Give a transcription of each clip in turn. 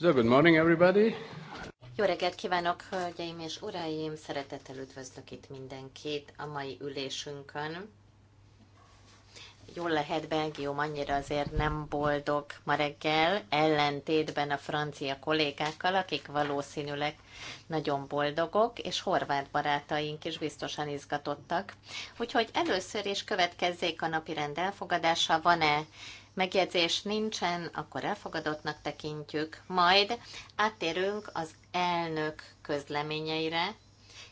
So, good morning everybody. Jó reggelt kívánok, hölgyeim és uraim! Szeretettel üdvözlök itt mindenkit a mai ülésünkön. Jól lehet, Belgium annyira azért nem boldog ma reggel, ellentétben a francia kollégákkal, akik valószínűleg nagyon boldogok, és horvát barátaink is biztosan izgatottak. Úgyhogy először is következzék a rend elfogadása. Van-e megjegyzés nincsen, akkor elfogadottnak tekintjük, majd áttérünk az elnök közleményeire.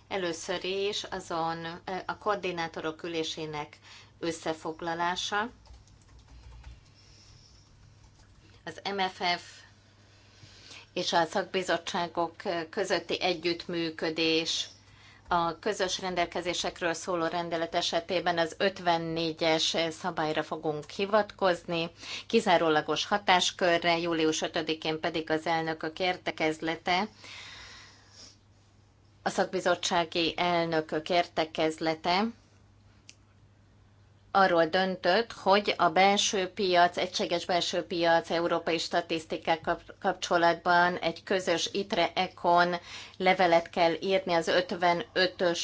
Először is azon a koordinátorok ülésének összefoglalása. Az MFF és a szakbizottságok közötti együttműködés a közös rendelkezésekről szóló rendelet esetében az 54-es szabályra fogunk hivatkozni, kizárólagos hatáskörre, július 5-én pedig az elnökök értekezlete, a szakbizottsági elnökök értekezlete arról döntött, hogy a belső piac, egységes belső piac európai statisztikák kapcsolatban egy közös ITRE ECON levelet kell írni az 55-ös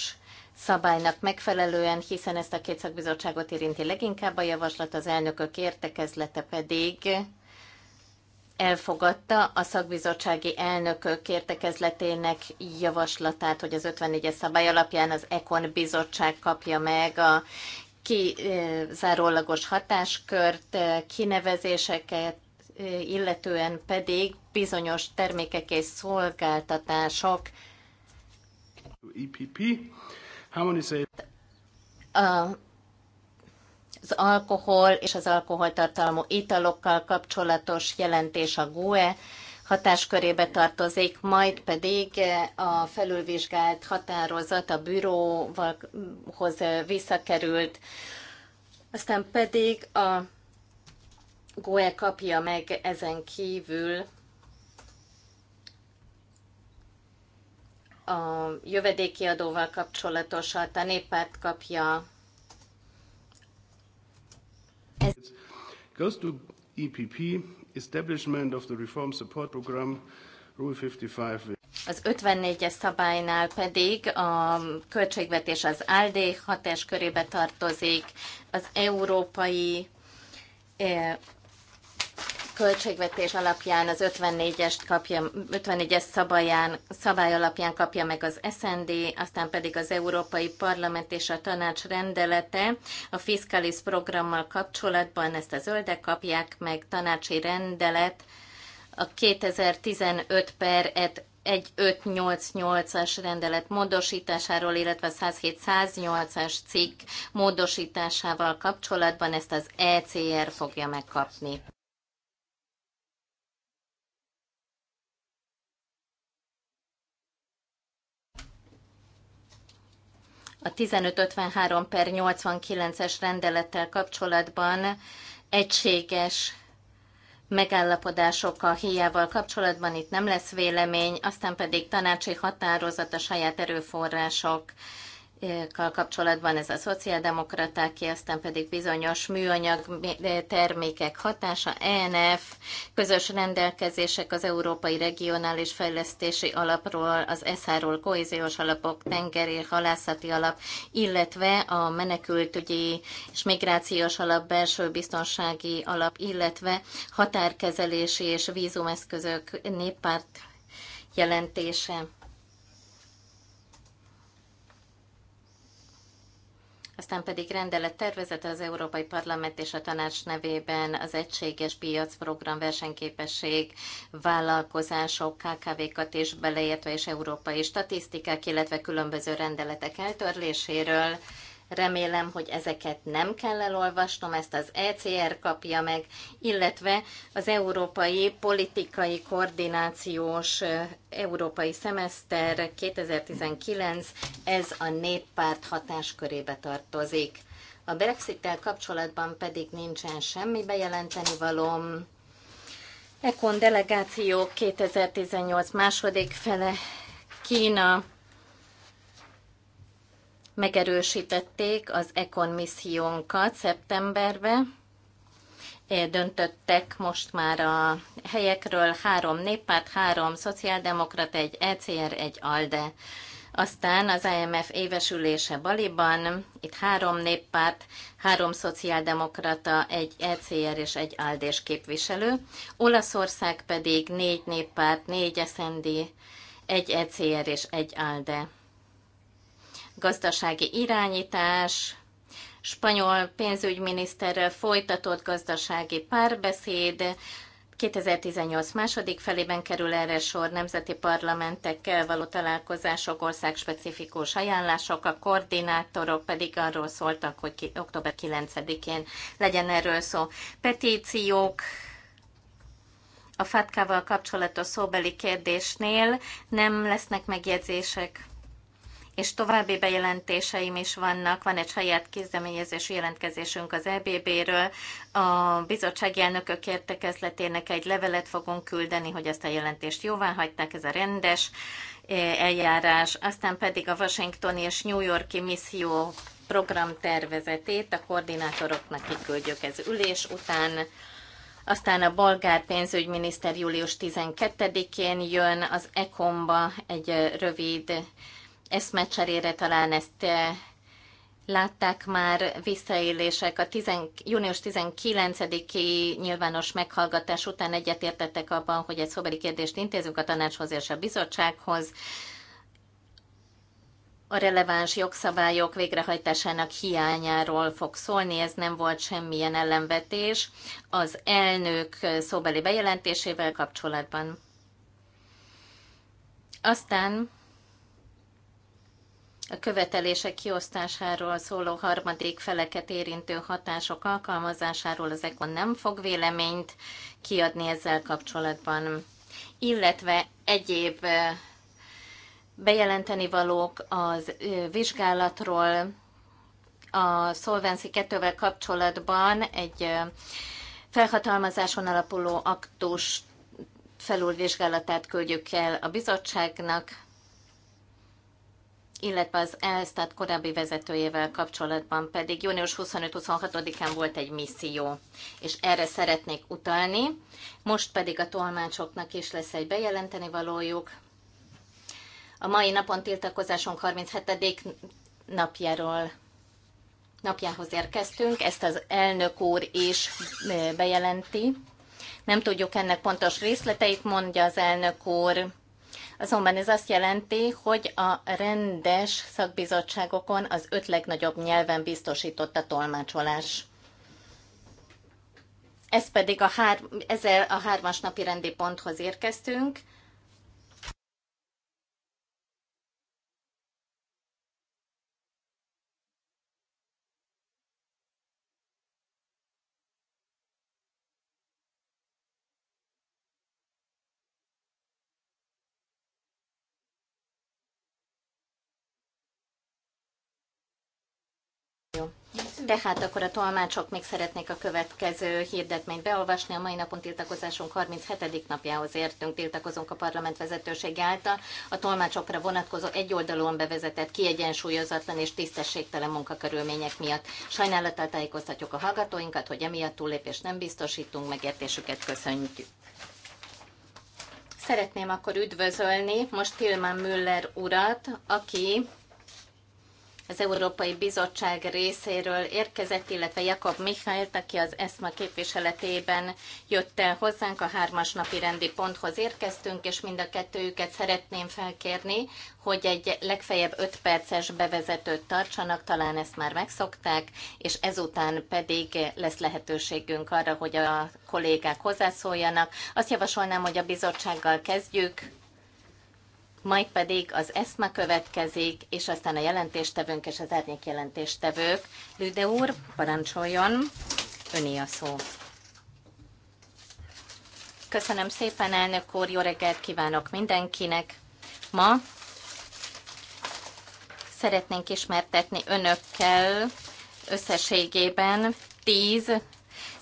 szabálynak megfelelően, hiszen ezt a két szakbizottságot érinti leginkább a javaslat, az elnökök értekezlete pedig elfogadta a szakbizottsági elnökök értekezletének javaslatát, hogy az 54-es szabály alapján az Ekon bizottság kapja meg a kizárólagos hatáskört, eh, kinevezéseket, eh, illetően pedig bizonyos termékek és szolgáltatások EPP. A, az alkohol és az alkoholtartalmú italokkal kapcsolatos jelentés a GUE hatáskörébe tartozik, majd pedig eh, a felülvizsgált határozat a bürohoz eh, visszakerült, aztán pedig a GOE kapja meg ezen kívül a jövedéki adóval kapcsolatosat, a néppárt kapja. Ez... Goes to EPP establishment of the reform support program, Rule 55 az 54-es szabálynál pedig a költségvetés az ALD hatás körébe tartozik, az európai eh, költségvetés alapján az 54-es kapja, 54-es szabályán, szabály alapján kapja meg az SND, aztán pedig az Európai Parlament és a Tanács rendelete a Fiscalis programmal kapcsolatban ezt a zöldek kapják meg, tanácsi rendelet a 2015 per 1588-as rendelet módosításáról, illetve 107-108-as cikk módosításával kapcsolatban ezt az ECR fogja megkapni. a 1553 per 89-es rendelettel kapcsolatban egységes megállapodások a hiával kapcsolatban, itt nem lesz vélemény, aztán pedig tanácsi határozat a saját erőforrások kapcsolatban ez a szociáldemokratáké, aztán pedig bizonyos műanyag termékek hatása, ENF, közös rendelkezések az Európai Regionális Fejlesztési Alapról, az sz ról kohéziós alapok, tengeri, halászati alap, illetve a menekültügyi és migrációs alap, belső biztonsági alap, illetve határkezelési és vízumeszközök néppárt jelentése. aztán pedig rendelet tervezete az Európai Parlament és a Tanács nevében az Egységes Piac Program versenyképesség vállalkozások, KKV-kat is beleértve és európai statisztikák, illetve különböző rendeletek eltörléséről. Remélem, hogy ezeket nem kell elolvasnom, ezt az ECR kapja meg, illetve az Európai Politikai Koordinációs Európai Szemeszter 2019, ez a néppárt hatáskörébe tartozik. A Brexit-tel kapcsolatban pedig nincsen semmi bejelenteni valóm. Ekon delegáció 2018 második fele Kína megerősítették az Econ missziónkat szeptemberbe. Döntöttek most már a helyekről három néppárt, három szociáldemokrata, egy ECR, egy ALDE. Aztán az IMF évesülése Baliban, itt három néppárt, három szociáldemokrata, egy ECR és egy alde ALDE-s képviselő. Olaszország pedig négy néppárt, négy SND, egy ECR és egy ALDE gazdasági irányítás, spanyol pénzügyminiszterrel folytatott gazdasági párbeszéd, 2018 második felében kerül erre sor nemzeti parlamentekkel való találkozások, országspecifikus ajánlások, a koordinátorok pedig arról szóltak, hogy ki, október 9-én legyen erről szó. Petíciók, a fatka kapcsolatos szóbeli kérdésnél nem lesznek megjegyzések és további bejelentéseim is vannak. Van egy saját kezdeményezésű jelentkezésünk az EBB-ről. A bizottsági elnökök értekezletének egy levelet fogunk küldeni, hogy ezt a jelentést jóvá hagyták, ez a rendes eh, eljárás. Aztán pedig a Washingtoni és New Yorki misszió programtervezetét a koordinátoroknak kiküldjük ez ülés után. Aztán a bolgár pénzügyminiszter július 12-én jön az ECOM-ba egy rövid eszmecserére talán ezt eh, látták már visszaélések. A 10, június 19-i nyilvános meghallgatás után egyetértettek abban, hogy egy szóbeli kérdést intézünk a tanácshoz és a bizottsághoz. A releváns jogszabályok végrehajtásának hiányáról fog szólni, ez nem volt semmilyen ellenvetés az elnök szóbeli bejelentésével kapcsolatban. Aztán a követelések kiosztásáról szóló harmadik feleket érintő hatások alkalmazásáról az ECO nem fog véleményt kiadni ezzel kapcsolatban, illetve egyéb bejelenteni valók az vizsgálatról, a Solvency 2-vel kapcsolatban egy felhatalmazáson alapuló aktus felülvizsgálatát küldjük el a bizottságnak, illetve az Elstat korábbi vezetőjével kapcsolatban pedig június 25-26-án volt egy misszió, és erre szeretnék utalni. Most pedig a tolmácsoknak is lesz egy bejelenteni valójuk. A mai napon tiltakozásunk 37. napjáról napjához érkeztünk, ezt az elnök úr is bejelenti. Nem tudjuk ennek pontos részleteit, mondja az elnök úr, Azonban ez azt jelenti, hogy a rendes szakbizottságokon az öt legnagyobb nyelven biztosított a tolmácsolás. Ez pedig a, hár, ezzel a hármas napi rendi ponthoz érkeztünk, Tehát akkor a tolmácsok még szeretnék a következő hirdetményt beolvasni. A mai napon tiltakozásunk 37. napjához értünk, tiltakozunk a parlament vezetősége által. A tolmácsokra vonatkozó egyoldalúan bevezetett, kiegyensúlyozatlan és tisztességtelen munkakörülmények miatt. Sajnálattal tájékoztatjuk a hallgatóinkat, hogy emiatt túllépést nem biztosítunk, megértésüket köszönjük. Szeretném akkor üdvözölni most Tilman Müller urat, aki az Európai Bizottság részéről érkezett, illetve Jakab Mihály, aki az ESMA képviseletében jött el hozzánk, a hármas napi rendi ponthoz érkeztünk, és mind a kettőjüket szeretném felkérni, hogy egy legfeljebb 5 perces bevezetőt tartsanak, talán ezt már megszokták, és ezután pedig lesz lehetőségünk arra, hogy a kollégák hozzászóljanak. Azt javasolnám, hogy a bizottsággal kezdjük majd pedig az ESMA következik, és aztán a jelentéstevőnk és az árnyék jelentéstevők. Lüde úr, parancsoljon, öné a szó. Köszönöm szépen, elnök úr, jó reggelt kívánok mindenkinek. Ma szeretnénk ismertetni önökkel összességében 10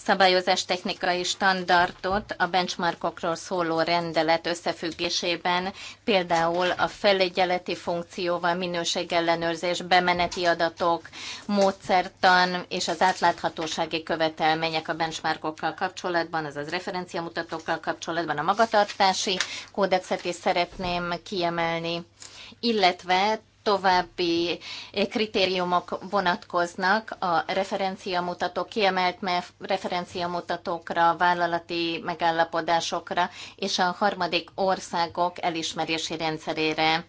szabályozás technikai standardot a benchmarkokról szóló rendelet összefüggésében, például a felügyeleti funkcióval, minőségellenőrzés, bemeneti adatok, módszertan és az átláthatósági követelmények a benchmarkokkal kapcsolatban, azaz referenciamutatókkal kapcsolatban a magatartási kódexet is szeretném kiemelni illetve további eh, kritériumok vonatkoznak a referenciamutatók, kiemelt referenciamutatókra, vállalati megállapodásokra és a harmadik országok elismerési rendszerére.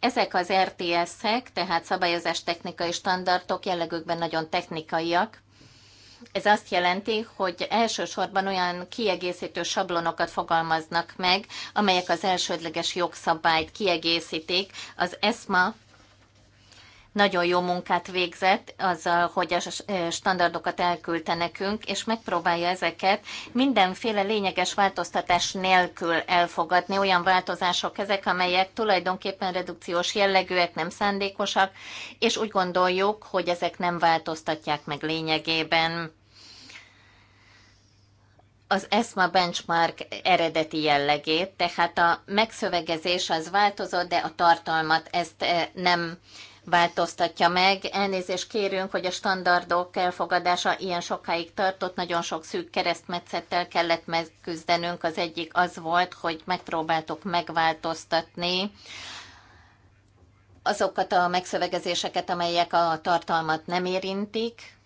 Ezek az RTS-ek, tehát szabályozás technikai standardok jellegükben nagyon technikaiak, ez azt jelenti, hogy elsősorban olyan kiegészítő sablonokat fogalmaznak meg, amelyek az elsődleges jogszabályt kiegészítik. Az ESMA nagyon jó munkát végzett azzal, hogy a standardokat elküldte nekünk, és megpróbálja ezeket mindenféle lényeges változtatás nélkül elfogadni. Olyan változások ezek, amelyek tulajdonképpen redukciós jellegűek, nem szándékosak, és úgy gondoljuk, hogy ezek nem változtatják meg lényegében az ESMA benchmark eredeti jellegét, tehát a megszövegezés az változott, de a tartalmat ezt nem változtatja meg. Elnézést kérünk, hogy a standardok elfogadása ilyen sokáig tartott, nagyon sok szűk keresztmetszettel kellett megküzdenünk. Az egyik az volt, hogy megpróbáltuk megváltoztatni azokat a megszövegezéseket, amelyek a tartalmat nem érintik,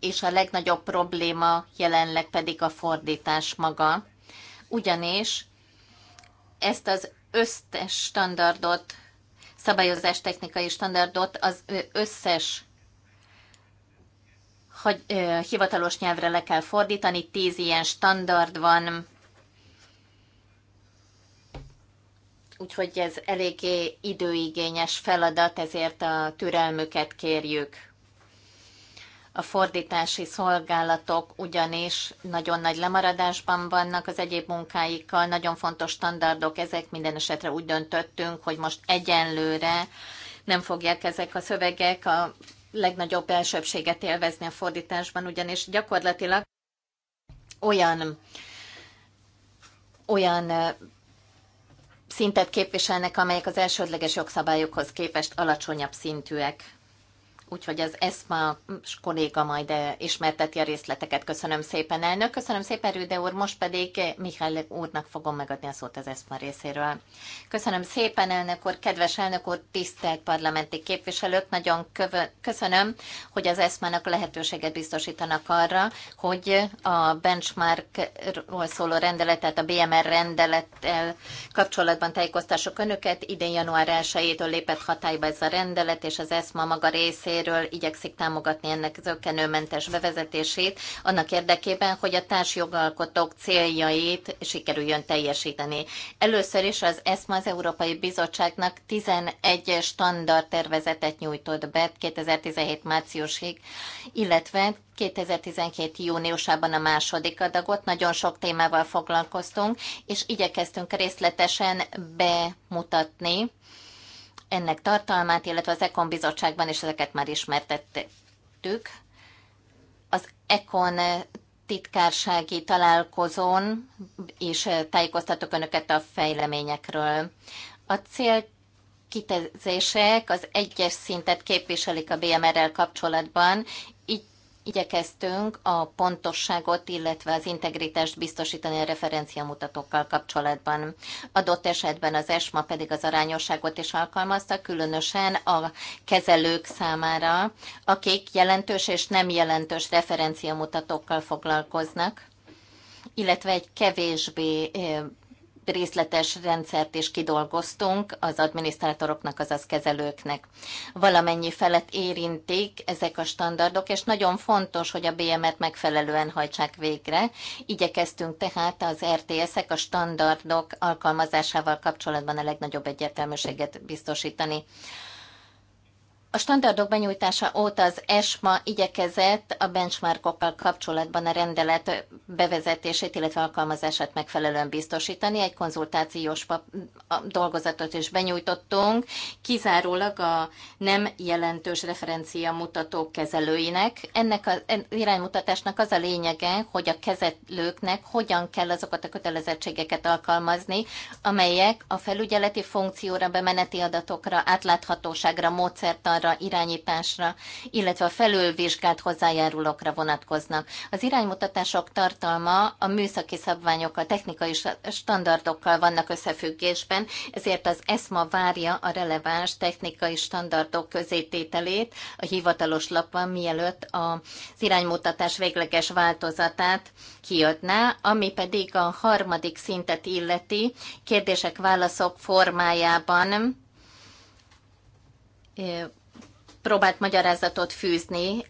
és a legnagyobb probléma jelenleg pedig a fordítás maga. Ugyanis ezt az összes standardot szabályozás technikai standardot az összes hogy, ö, hivatalos nyelvre le kell fordítani, tíz ilyen standard van, úgyhogy ez eléggé időigényes feladat, ezért a türelmüket kérjük. A fordítási szolgálatok ugyanis nagyon nagy lemaradásban vannak az egyéb munkáikkal, nagyon fontos standardok ezek, minden esetre úgy döntöttünk, hogy most egyenlőre nem fogják ezek a szövegek a legnagyobb elsőbséget élvezni a fordításban, ugyanis gyakorlatilag olyan, olyan szintet képviselnek, amelyek az elsődleges jogszabályokhoz képest alacsonyabb szintűek úgyhogy az ESMA kolléga majd eh, ismerteti a részleteket. Köszönöm szépen, elnök. Köszönöm szépen, Rüde úr. Most pedig eh, Mihály úrnak fogom megadni a szót az ESMA részéről. Köszönöm szépen, elnök úr. Kedves elnök úr, tisztelt parlamenti képviselők, nagyon köszönöm, hogy az ESMA-nak lehetőséget biztosítanak arra, hogy a benchmarkról szóló rendeletet, a BMR rendelettel kapcsolatban tájékoztassuk önöket. Idén január 1-től lépett hatályba ez a rendelet, és az ESMA maga részéről részéről igyekszik támogatni ennek zöggenőmentes bevezetését, annak érdekében, hogy a társjogalkotók céljait sikerüljön teljesíteni. Először is az ESMA az Európai Bizottságnak 11 standard tervezetet nyújtott be 2017 márciusig, illetve 2017. júniusában a második adagot. Nagyon sok témával foglalkoztunk, és igyekeztünk részletesen bemutatni ennek tartalmát, illetve az ECON bizottságban is ezeket már ismertettük. Az ECON titkársági találkozón és tájékoztatok önöket a fejleményekről. A cél kitezések az egyes szintet képviselik a BMR-rel kapcsolatban, igyekeztünk a pontosságot, illetve az integritást biztosítani a referenciamutatókkal kapcsolatban. Adott esetben az ESMA pedig az arányosságot is alkalmazta, különösen a kezelők számára, akik jelentős és nem jelentős referenciamutatókkal foglalkoznak illetve egy kevésbé eh, részletes rendszert is kidolgoztunk az adminisztrátoroknak, azaz kezelőknek. Valamennyi felett érintik ezek a standardok, és nagyon fontos, hogy a BM-et megfelelően hajtsák végre. Igyekeztünk tehát az RTS-ek a standardok alkalmazásával kapcsolatban a legnagyobb egyértelműséget biztosítani. A standardok benyújtása óta az ESMA igyekezett a benchmarkokkal kapcsolatban a rendelet bevezetését, illetve alkalmazását megfelelően biztosítani. Egy konzultációs dolgozatot is benyújtottunk, kizárólag a nem jelentős referencia mutatók kezelőinek. Ennek az iránymutatásnak az a lényege, hogy a kezelőknek hogyan kell azokat a kötelezettségeket alkalmazni, amelyek a felügyeleti funkcióra, bemeneti adatokra, átláthatóságra, módszertan iparra, irányításra, illetve a felülvizsgált hozzájárulókra vonatkoznak. Az iránymutatások tartalma a műszaki szabványokkal, technikai standardokkal vannak összefüggésben, ezért az ESMA várja a releváns technikai standardok közétételét a hivatalos lapban, mielőtt az iránymutatás végleges változatát kiadná, ami pedig a harmadik szintet illeti kérdések-válaszok formájában próbált magyarázatot fűzni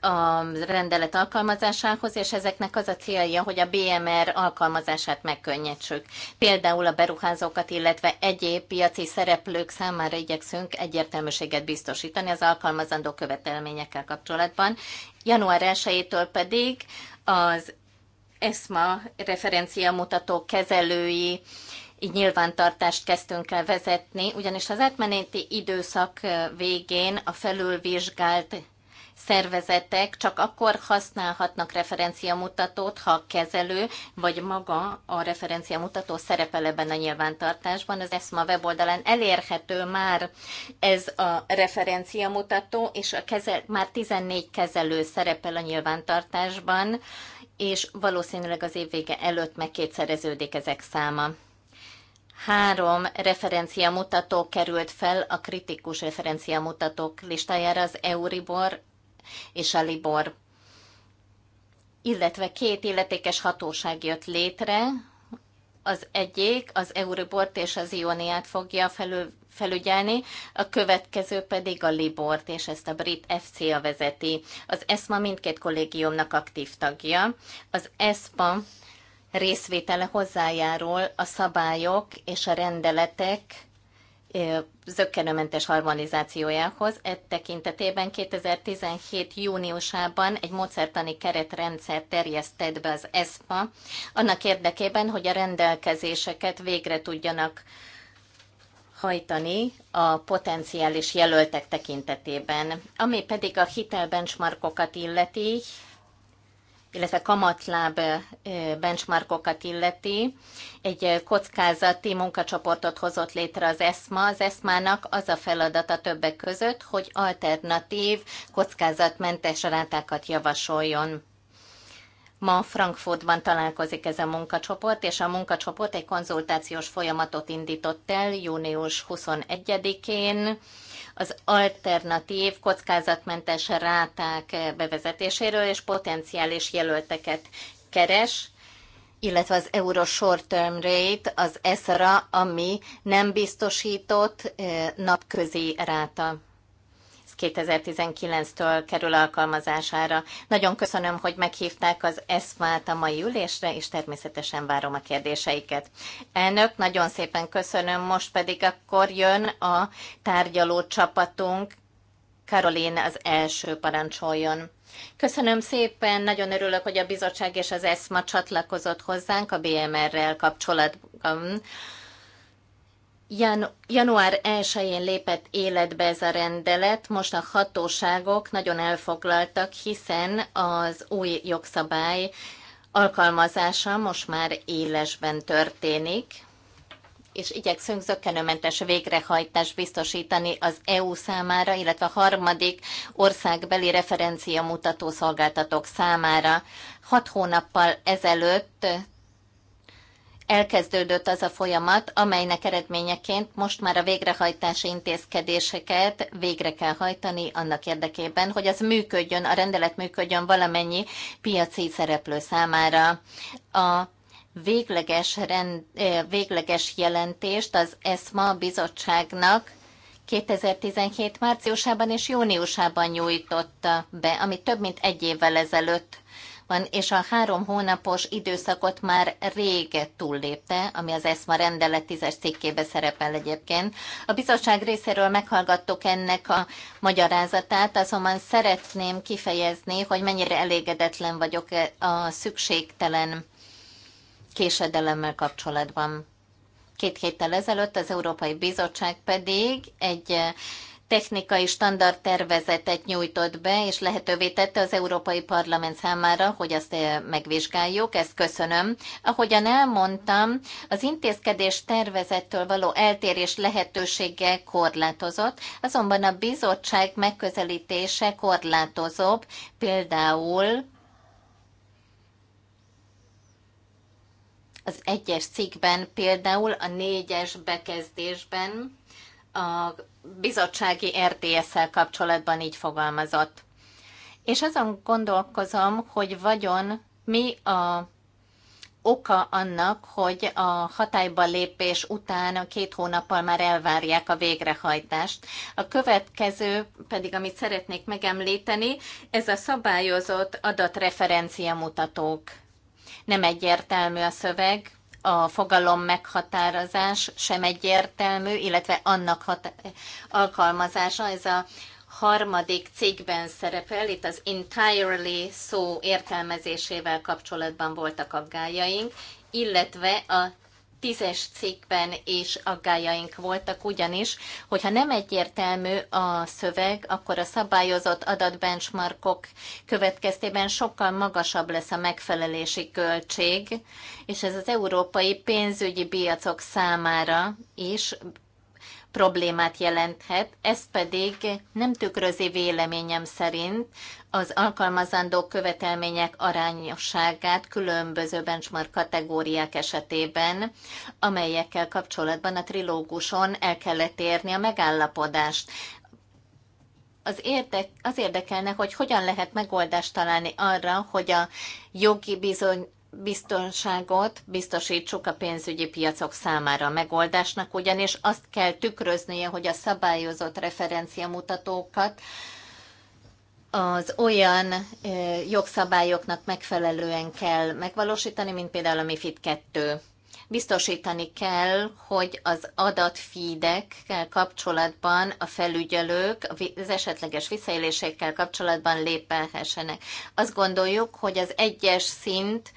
a rendelet alkalmazásához, és ezeknek az a célja, hogy a BMR alkalmazását megkönnyítsük. Például a beruházókat, illetve egyéb piaci szereplők számára igyekszünk egyértelműséget biztosítani az alkalmazandó követelményekkel kapcsolatban. Január 1-től pedig az ESMA referenciamutató kezelői így nyilvántartást kezdtünk el vezetni, ugyanis az átmeneti időszak végén a felülvizsgált szervezetek csak akkor használhatnak referenciamutatót, ha a kezelő vagy maga a referenciamutató szerepel ebben a nyilvántartásban. Az ESMA weboldalán elérhető már ez a referenciamutató, és a kezel, már 14 kezelő szerepel a nyilvántartásban, és valószínűleg az év vége előtt megkétszereződik ezek száma három referenciamutató került fel a kritikus referenciamutatók listájára, az Euribor és a Libor. Illetve két illetékes hatóság jött létre, az egyik az Euribort és az Ioniát fogja felül, felügyelni, a következő pedig a Libort, és ezt a brit FCA vezeti. Az ESMA mindkét kollégiumnak aktív tagja. Az ESMA részvétele hozzájárul a szabályok és a rendeletek zöggenőmentes harmonizációjához. E tekintetében 2017. júniusában egy mozertani keretrendszer terjesztett be az ESPA, annak érdekében, hogy a rendelkezéseket végre tudjanak hajtani a potenciális jelöltek tekintetében. Ami pedig a hitelbenchmarkokat illeti, illetve kamatláb benchmarkokat illeti. Egy kockázati munkacsoportot hozott létre az ESMA. Az ESMA-nak az a feladata többek között, hogy alternatív, kockázatmentes rátákat javasoljon. Ma Frankfurtban találkozik ez a munkacsoport, és a munkacsoport egy konzultációs folyamatot indított el június 21-én az alternatív kockázatmentes ráták bevezetéséről és potenciális jelölteket keres, illetve az euro short term rate, az ESRA, ami nem biztosított eh, napközi ráta. 2019-től kerül alkalmazására. Nagyon köszönöm, hogy meghívták az ESZMÁT a mai ülésre, és természetesen várom a kérdéseiket. Elnök, nagyon szépen köszönöm, most pedig akkor jön a tárgyaló csapatunk. Karolin az első parancsoljon. Köszönöm szépen, nagyon örülök, hogy a bizottság és az ESZMA csatlakozott hozzánk a BMR-rel kapcsolatban január 1-én lépett életbe ez a rendelet, most a hatóságok nagyon elfoglaltak, hiszen az új jogszabály alkalmazása most már élesben történik, és igyekszünk zökkenőmentes végrehajtást biztosítani az EU számára, illetve a harmadik országbeli referencia mutató szolgáltatók számára. Hat hónappal ezelőtt elkezdődött az a folyamat, amelynek eredményeként most már a végrehajtási intézkedéseket végre kell hajtani annak érdekében, hogy az működjön, a rendelet működjön valamennyi piaci szereplő számára. A végleges, rend, végleges jelentést az ESMA bizottságnak 2017 márciusában és júniusában nyújtotta be, ami több mint egy évvel ezelőtt van, és a három hónapos időszakot már rég túllépte, ami az ESMA rendelet tízes cikkébe szerepel egyébként. A bizottság részéről meghallgattuk ennek a magyarázatát, azonban szeretném kifejezni, hogy mennyire elégedetlen vagyok e- a szükségtelen késedelemmel kapcsolatban. Két héttel ezelőtt az Európai Bizottság pedig egy technikai standardtervezetet nyújtott be, és lehetővé tette az Európai Parlament számára, hogy azt eh, megvizsgáljuk. Ezt köszönöm. Ahogyan elmondtam, az intézkedés tervezettől való eltérés lehetősége korlátozott, azonban a bizottság megközelítése korlátozóbb, például az egyes cikkben, például a négyes bekezdésben a bizottsági RTS-szel kapcsolatban így fogalmazott. És azon gondolkozom, hogy vagyon mi a oka annak, hogy a hatályba lépés után a két hónappal már elvárják a végrehajtást. A következő pedig, amit szeretnék megemlíteni, ez a szabályozott adatreferencia mutatók. Nem egyértelmű a szöveg, a fogalom meghatározás sem egyértelmű, illetve annak hat- alkalmazása, ez a harmadik cikkben szerepel, itt az entirely szó értelmezésével kapcsolatban voltak aggájaink, illetve a tízes cikkben is aggájaink voltak, ugyanis, hogyha nem egyértelmű a szöveg, akkor a szabályozott adatbenchmarkok következtében sokkal magasabb lesz a megfelelési költség, és ez az európai pénzügyi piacok számára is problémát jelenthet, ez pedig nem tükrözi véleményem szerint az alkalmazandó követelmények arányosságát különböző benchmark kategóriák esetében, amelyekkel kapcsolatban a trilóguson el kellett érni a megállapodást az, érdek, az érdekelne, hogy hogyan lehet megoldást találni arra, hogy a jogi bizony, biztonságot biztosítsuk a pénzügyi piacok számára a megoldásnak, ugyanis azt kell tükröznie, hogy a szabályozott referenciamutatókat az olyan jogszabályoknak megfelelően kell megvalósítani, mint például a MIFID 2. Biztosítani kell, hogy az adatfídekkel kapcsolatban a felügyelők az esetleges visszaélésekkel kapcsolatban lépelhessenek. Azt gondoljuk, hogy az egyes szint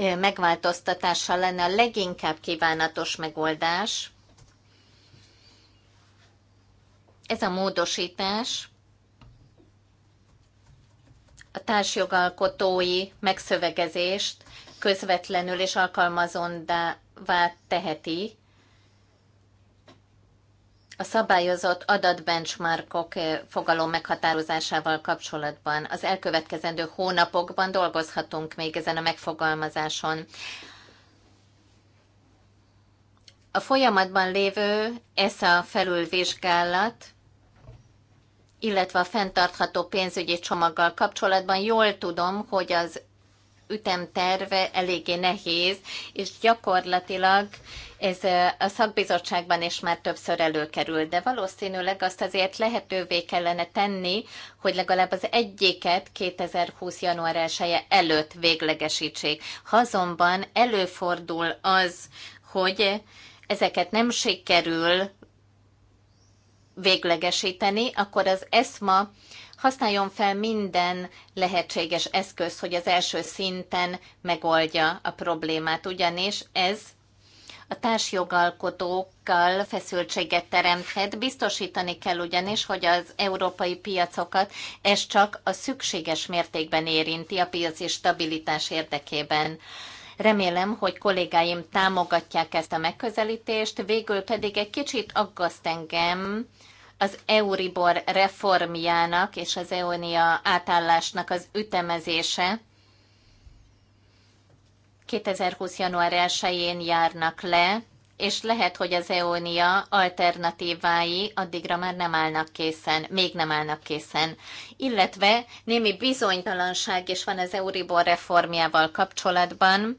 megváltoztatása lenne a leginkább kívánatos megoldás. Ez a módosítás a társjogalkotói megszövegezést közvetlenül és alkalmazondává teheti, a szabályozott adatbenchmarkok eh, fogalom meghatározásával kapcsolatban. Az elkövetkezendő hónapokban dolgozhatunk még ezen a megfogalmazáson. A folyamatban lévő a felülvizsgálat illetve a fenntartható pénzügyi csomaggal kapcsolatban jól tudom, hogy az ütemterve eléggé nehéz, és gyakorlatilag ez a szakbizottságban is már többször előkerül, de valószínűleg azt azért lehetővé kellene tenni, hogy legalább az egyiket 2020. január 1 előtt véglegesítsék. Ha azonban előfordul az, hogy ezeket nem sikerül véglegesíteni, akkor az ESMA használjon fel minden lehetséges eszköz, hogy az első szinten megoldja a problémát, ugyanis ez a társjogalkotókkal feszültséget teremthet. Biztosítani kell ugyanis, hogy az európai piacokat ez csak a szükséges mértékben érinti a piaci stabilitás érdekében. Remélem, hogy kollégáim támogatják ezt a megközelítést, végül pedig egy kicsit aggaszt engem az Euribor reformjának és az EONIA átállásnak az ütemezése 2020. január 1-én járnak le, és lehet, hogy az EONIA alternatívái addigra már nem állnak készen, még nem állnak készen. Illetve némi bizonytalanság is van az Euribor reformjával kapcsolatban,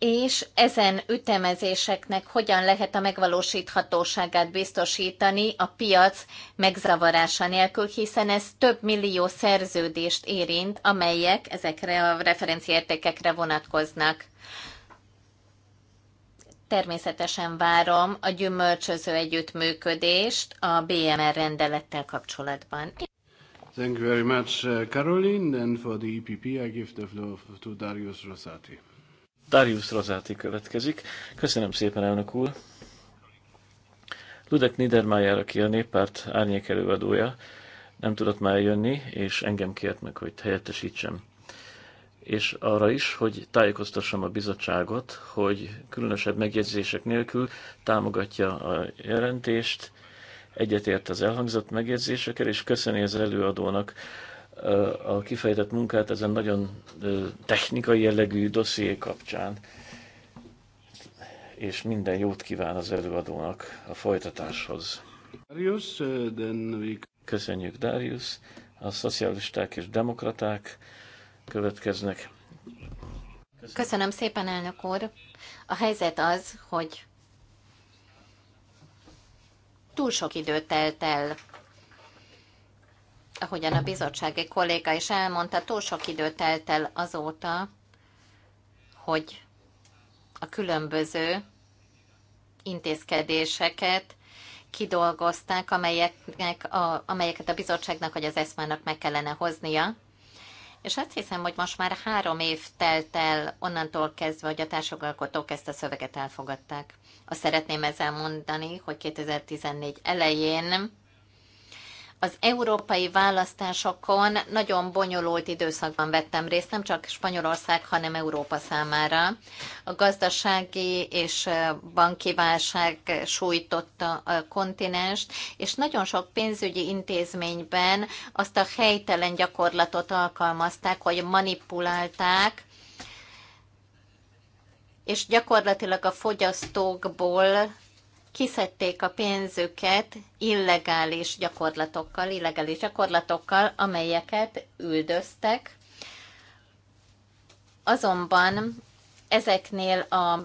és ezen ütemezéseknek hogyan lehet a megvalósíthatóságát biztosítani a piac megzavarása nélkül, hiszen ez több millió szerződést érint, amelyek ezekre a referenciértékekre vonatkoznak. Természetesen várom a gyümölcsöző együttműködést a BMR rendelettel kapcsolatban. Thank you very much, uh, Caroline. And for the EPP, I give the floor to Darius Rosati. Darius Rozáti következik. Köszönöm szépen, elnök úr! Ludek Niedermayer, aki a néppárt árnyék előadója, nem tudott már jönni, és engem kért meg, hogy helyettesítsem. És arra is, hogy tájékoztassam a bizottságot, hogy különösebb megjegyzések nélkül támogatja a jelentést, egyetért az elhangzott megjegyzésekkel, és köszöni az előadónak a kifejtett munkát ezen nagyon technikai jellegű dosszié kapcsán, és minden jót kíván az előadónak a folytatáshoz. Köszönjük, Darius. A szocialisták és demokraták következnek. Köszönöm. Köszönöm szépen, elnök úr. A helyzet az, hogy túl sok időt telt el ahogyan a bizottsági kolléga is elmondta, túl sok idő telt el azóta, hogy a különböző intézkedéseket kidolgozták, amelyeknek a, amelyeket a bizottságnak vagy az eszmának meg kellene hoznia. És azt hiszem, hogy most már három év telt el onnantól kezdve, hogy a társjogalkotók ezt a szöveget elfogadták. Azt szeretném ezzel mondani, hogy 2014 elején az európai választásokon nagyon bonyolult időszakban vettem részt, nem csak Spanyolország, hanem Európa számára. A gazdasági és banki válság sújtotta a kontinenst, és nagyon sok pénzügyi intézményben azt a helytelen gyakorlatot alkalmazták, hogy manipulálták, és gyakorlatilag a fogyasztókból kiszedték a pénzüket illegális gyakorlatokkal, illegális gyakorlatokkal, amelyeket üldöztek. Azonban ezeknél a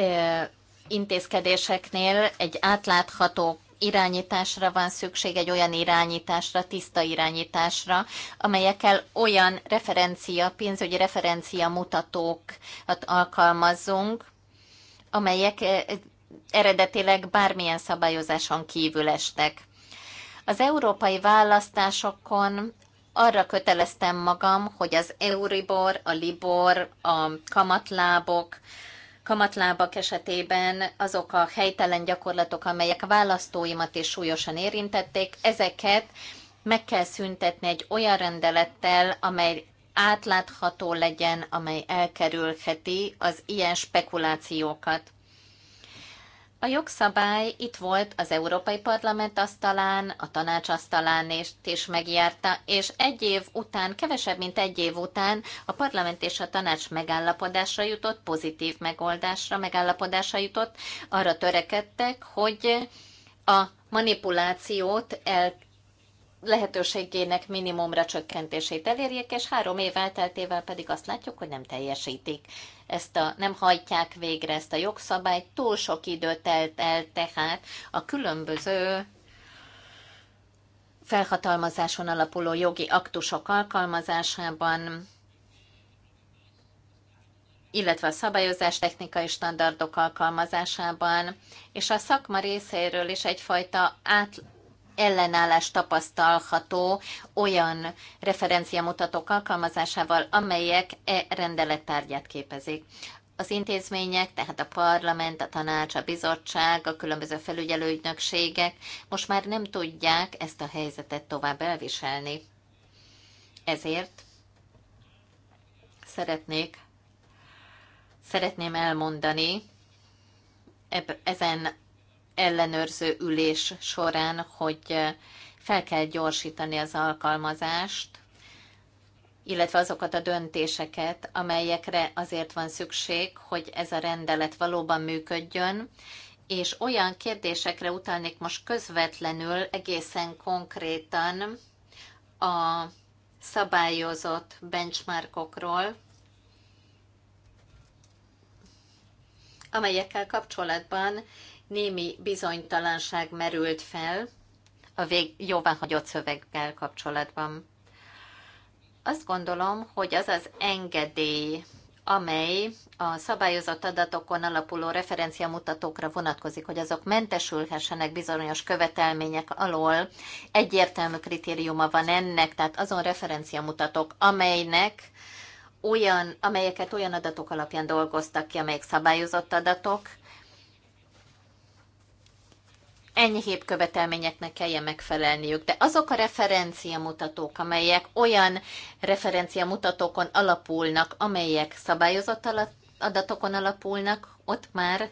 e, intézkedéseknél egy átlátható irányításra van szükség, egy olyan irányításra, tiszta irányításra, amelyekkel olyan referencia, pénzügyi referencia mutatókat alkalmazzunk, amelyek eredetileg bármilyen szabályozáson kívül estek. Az európai választásokon arra köteleztem magam, hogy az Euribor, a Libor, a kamatlábok, kamatlábak esetében azok a helytelen gyakorlatok, amelyek választóimat is súlyosan érintették, ezeket meg kell szüntetni egy olyan rendelettel, amely átlátható legyen, amely elkerülheti az ilyen spekulációkat. A jogszabály itt volt az Európai Parlament asztalán, a tanács asztalán és is megjárta, és egy év után, kevesebb mint egy év után a parlament és a tanács megállapodásra jutott, pozitív megoldásra, megállapodásra jutott, arra törekedtek, hogy a manipulációt el lehetőségének minimumra csökkentését elérjék, és három év elteltével pedig azt látjuk, hogy nem teljesítik ezt a, nem hajtják végre ezt a jogszabályt, túl sok idő telt el tehát a különböző felhatalmazáson alapuló jogi aktusok alkalmazásában, illetve a szabályozás technikai standardok alkalmazásában, és a szakma részéről is egyfajta át, ellenállás tapasztalható olyan referenciamutatók alkalmazásával, amelyek e rendelet tárgyát képezik. Az intézmények, tehát a parlament, a tanács, a bizottság, a különböző felügyelőügynökségek most már nem tudják ezt a helyzetet tovább elviselni. Ezért szeretnék, szeretném elmondani ezen ellenőrző ülés során, hogy eh, fel kell gyorsítani az alkalmazást, illetve azokat a döntéseket, amelyekre azért van szükség, hogy ez a rendelet valóban működjön, és olyan kérdésekre utalnék most közvetlenül, egészen konkrétan a szabályozott benchmarkokról, amelyekkel kapcsolatban némi bizonytalanság merült fel a vég jóváhagyott szöveggel kapcsolatban. Azt gondolom, hogy az az engedély, amely a szabályozott adatokon alapuló referenciamutatókra vonatkozik, hogy azok mentesülhessenek bizonyos követelmények alól. Egyértelmű kritériuma van ennek, tehát azon referenciamutatók, amelynek olyan, amelyeket olyan adatok alapján dolgoztak ki, amelyek szabályozott adatok, enyhébb követelményeknek kelljen megfelelniük, de azok a referenciamutatók, amelyek olyan referenciamutatókon alapulnak, amelyek szabályozott adatokon alapulnak, ott már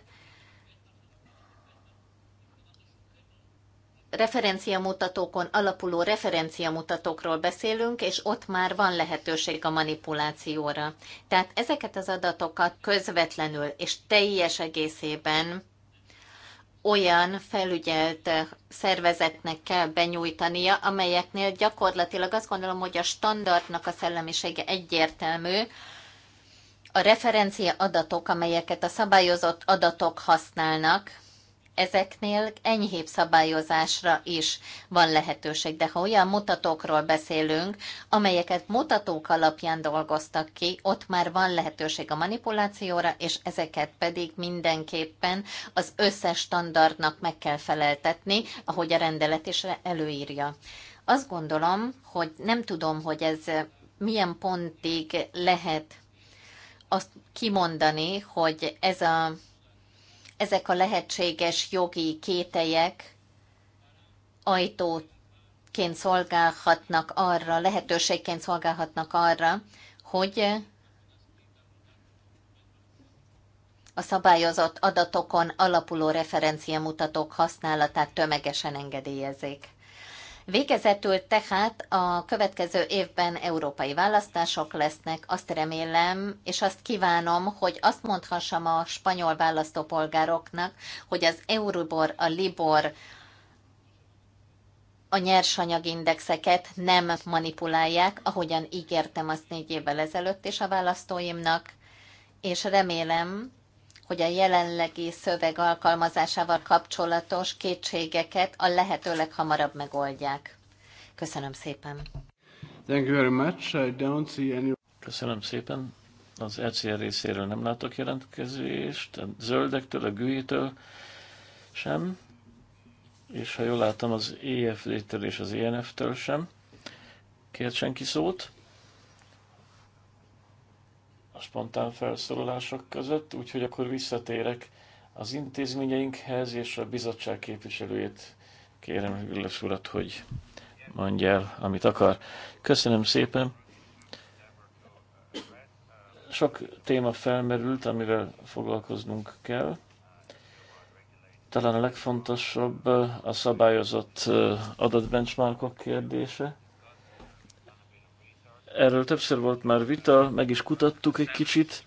referenciamutatókon alapuló referenciamutatókról beszélünk, és ott már van lehetőség a manipulációra. Tehát ezeket az adatokat közvetlenül és teljes egészében olyan felügyelt szervezetnek kell benyújtania, amelyeknél gyakorlatilag azt gondolom, hogy a standardnak a szellemisége egyértelmű, a referencia adatok, amelyeket a szabályozott adatok használnak, ezeknél enyhébb szabályozásra is van lehetőség. De ha olyan mutatókról beszélünk, amelyeket mutatók alapján dolgoztak ki, ott már van lehetőség a manipulációra, és ezeket pedig mindenképpen az összes standardnak meg kell feleltetni, ahogy a rendelet is előírja. Azt gondolom, hogy nem tudom, hogy ez milyen pontig lehet azt kimondani, hogy ez a ezek a lehetséges jogi kételyek ajtóként szolgálhatnak arra, lehetőségként szolgálhatnak arra, hogy a szabályozott adatokon alapuló referenciamutatók használatát tömegesen engedélyezzék. Végezetül tehát a következő évben európai választások lesznek, azt remélem, és azt kívánom, hogy azt mondhassam a spanyol választópolgároknak, hogy az Euribor, a Libor, a nyersanyagindexeket nem manipulálják, ahogyan ígértem azt négy évvel ezelőtt is a választóimnak, és remélem, hogy a jelenlegi szöveg alkalmazásával kapcsolatos kétségeket a lehető leghamarabb megoldják. Köszönöm szépen. Thank you very much. I don't see any... Köszönöm szépen. Az ECR részéről nem látok jelentkezést, a zöldektől, a gűjtől sem, és ha jól látom, az EFD-től és az ENF-től sem. Kért senki szót? spontán felszólalások között, úgyhogy akkor visszatérek az intézményeinkhez, és a bizottság képviselőjét kérem Hülles urat, hogy mondja el, amit akar. Köszönöm szépen! Sok téma felmerült, amivel foglalkoznunk kell. Talán a legfontosabb a szabályozott adatbenchmarkok kérdése. Erről többször volt már vita, meg is kutattuk egy kicsit,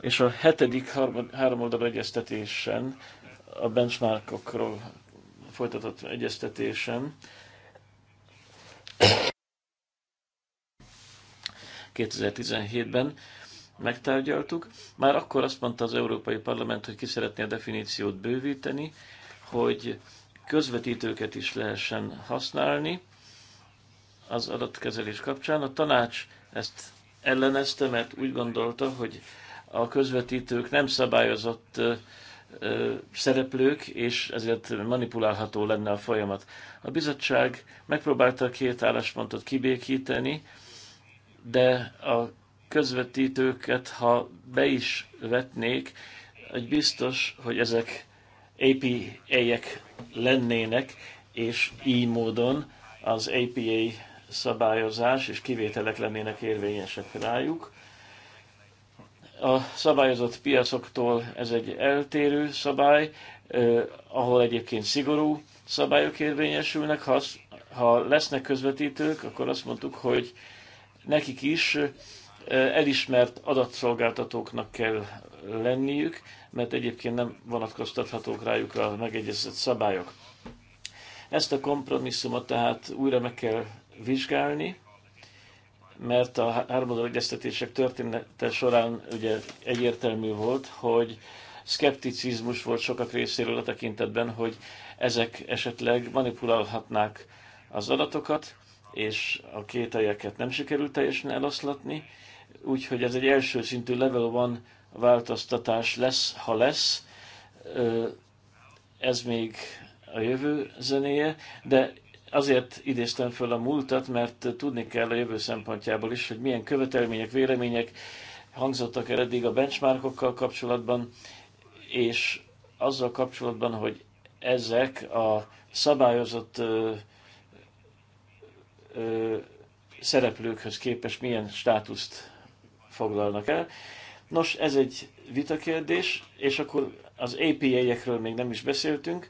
és a hetedik háromoldal egyeztetésen, a benchmarkokról folytatott egyeztetésen, 2017-ben megtárgyaltuk. Már akkor azt mondta az Európai Parlament, hogy ki szeretné a definíciót bővíteni, hogy közvetítőket is lehessen használni, az adatkezelés kapcsán. A tanács ezt ellenezte, mert úgy gondolta, hogy a közvetítők nem szabályozott szereplők, és ezért manipulálható lenne a folyamat. A bizottság megpróbálta a két álláspontot kibékíteni, de a közvetítőket, ha be is vetnék, egy biztos, hogy ezek APA-ek lennének, és így módon az APA szabályozás és kivételek lennének érvényesek rájuk. A szabályozott piacoktól ez egy eltérő szabály, ahol egyébként szigorú szabályok érvényesülnek. Ha, az, ha lesznek közvetítők, akkor azt mondtuk, hogy nekik is elismert adatszolgáltatóknak kell lenniük, mert egyébként nem vonatkoztathatók rájuk a megegyezett szabályok. Ezt a kompromisszumot tehát újra meg kell vizsgálni, mert a háromadó egyeztetések története során ugye egyértelmű volt, hogy szkepticizmus volt sokak részéről a tekintetben, hogy ezek esetleg manipulálhatnák az adatokat, és a két kételjeket nem sikerült teljesen eloszlatni, úgyhogy ez egy első szintű level van változtatás lesz, ha lesz. Ez még a jövő zenéje, de Azért idéztem föl a múltat, mert tudni kell a jövő szempontjából is, hogy milyen követelmények, vélemények hangzottak el eddig a benchmarkokkal kapcsolatban, és azzal kapcsolatban, hogy ezek a szabályozott ö, ö, szereplőkhöz képest milyen státuszt foglalnak el. Nos, ez egy vitakérdés, és akkor az APA-jekről még nem is beszéltünk.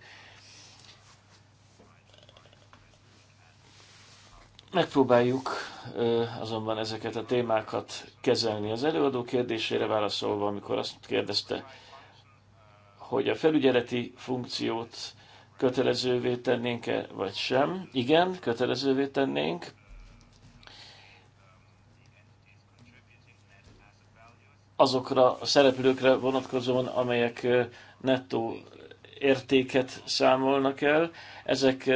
Megpróbáljuk azonban ezeket a témákat kezelni. Az előadó kérdésére válaszolva, amikor azt kérdezte, hogy a felügyeleti funkciót kötelezővé tennénk-e, vagy sem. Igen, kötelezővé tennénk. Azokra a szereplőkre vonatkozóan, amelyek nettó értéket számolnak el, ezek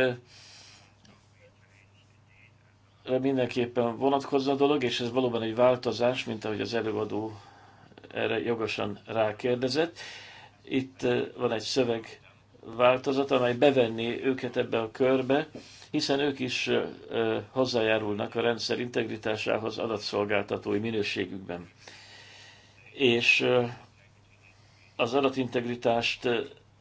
mindenképpen vonatkozza a dolog, és ez valóban egy változás, mint ahogy az előadó erre jogosan rákérdezett. Itt van egy szöveg változat, amely bevenni őket ebbe a körbe, hiszen ők is hozzájárulnak a rendszer integritásához adatszolgáltatói minőségükben. És az adatintegritást,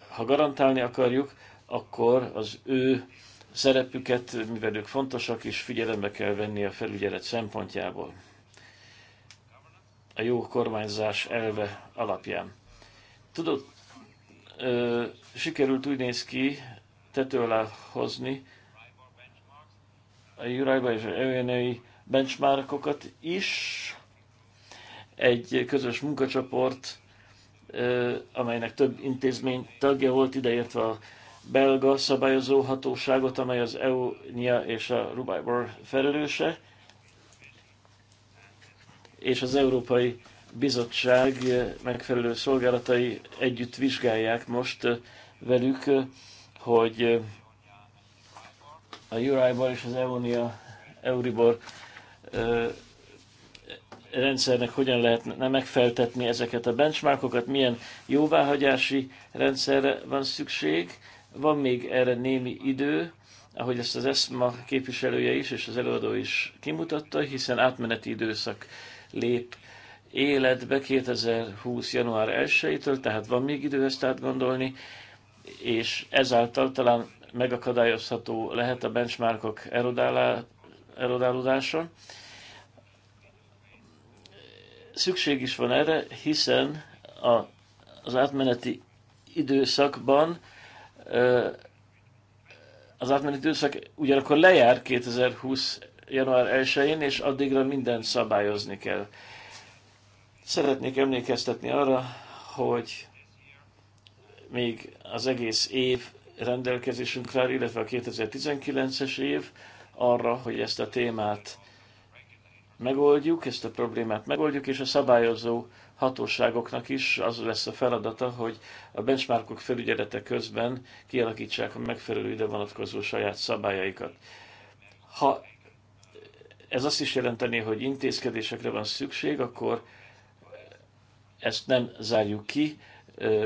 ha garantálni akarjuk, akkor az ő szerepüket, mivel ők fontosak, és figyelembe kell venni a felügyelet szempontjából a jó kormányzás elve alapján. Tudod, ö, sikerült úgy néz ki tető alá hozni a Jurajba és a EUNI benchmarkokat is. Egy közös munkacsoport, ö, amelynek több intézmény tagja volt, ideértve a belga szabályozó hatóságot, amely az EU-NIA és a Rubaibor felelőse, és az Európai Bizottság megfelelő szolgálatai együtt vizsgálják most velük, hogy a Euribor és az Eonia Euribor rendszernek hogyan lehetne megfeltetni ezeket a benchmarkokat, milyen jóváhagyási rendszerre van szükség, van még erre némi idő, ahogy ezt az ESMA képviselője is és az előadó is kimutatta, hiszen átmeneti időszak lép életbe 2020. január 1-től, tehát van még idő ezt átgondolni, és ezáltal talán megakadályozható lehet a benchmarkok erodálódása. Szükség is van erre, hiszen a, az átmeneti időszakban az átmeneti időszak ugyanakkor lejár 2020. január 1-én, és addigra mindent szabályozni kell. Szeretnék emlékeztetni arra, hogy még az egész év rendelkezésünkre, illetve a 2019-es év arra, hogy ezt a témát megoldjuk, ezt a problémát megoldjuk, és a szabályozó hatóságoknak is az lesz a feladata, hogy a benchmarkok felügyelete közben kialakítsák a megfelelő ide vonatkozó saját szabályaikat. Ha ez azt is jelenteni, hogy intézkedésekre van szükség, akkor ezt nem zárjuk ki.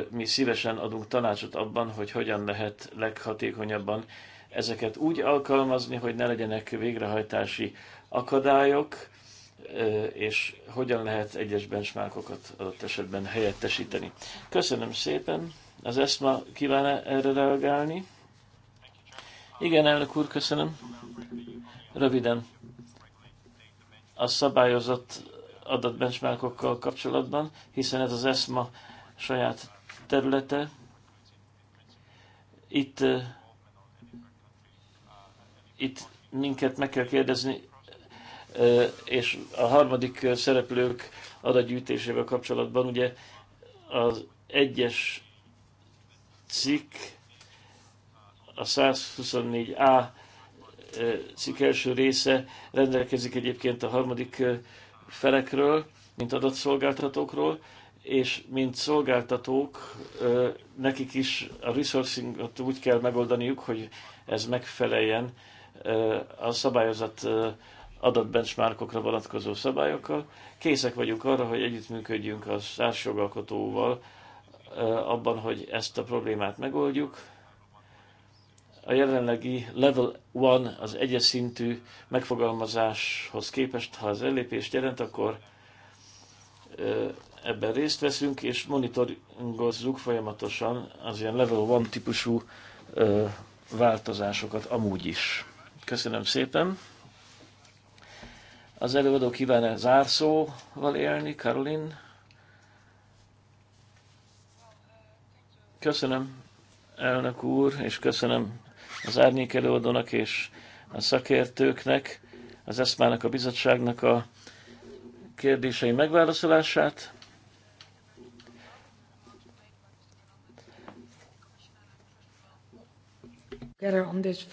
Mi szívesen adunk tanácsot abban, hogy hogyan lehet leghatékonyabban ezeket úgy alkalmazni, hogy ne legyenek végrehajtási akadályok, és hogyan lehet egyes benchmarkokat adott esetben helyettesíteni. Köszönöm szépen. Az ESMA kíván -e erre reagálni? Igen, elnök úr, köszönöm. Röviden. A szabályozott adatbenchmarkokkal kapcsolatban, hiszen ez az ESMA saját területe. Itt, itt minket meg kell kérdezni, és a harmadik szereplők adatgyűjtésével kapcsolatban ugye az egyes cikk a 124a cikk első része rendelkezik egyébként a harmadik felekről, mint adatszolgáltatókról, és mint szolgáltatók nekik is a resourcingot úgy kell megoldaniuk, hogy ez megfeleljen a szabályozat adatbenchmarkokra vonatkozó szabályokkal. Készek vagyunk arra, hogy együttműködjünk a társjogalkotóval abban, hogy ezt a problémát megoldjuk. A jelenlegi level 1 az egyes szintű megfogalmazáshoz képest, ha az ellépést jelent, akkor ebben részt veszünk, és monitorozzuk folyamatosan az ilyen level 1 típusú változásokat amúgy is. Köszönöm szépen! Az előadó kíván-e zárszóval élni, Karolin? Köszönöm, elnök úr, és köszönöm az árnyék előadónak és a szakértőknek, az eszmának, a bizottságnak a kérdései megválaszolását. Erre on this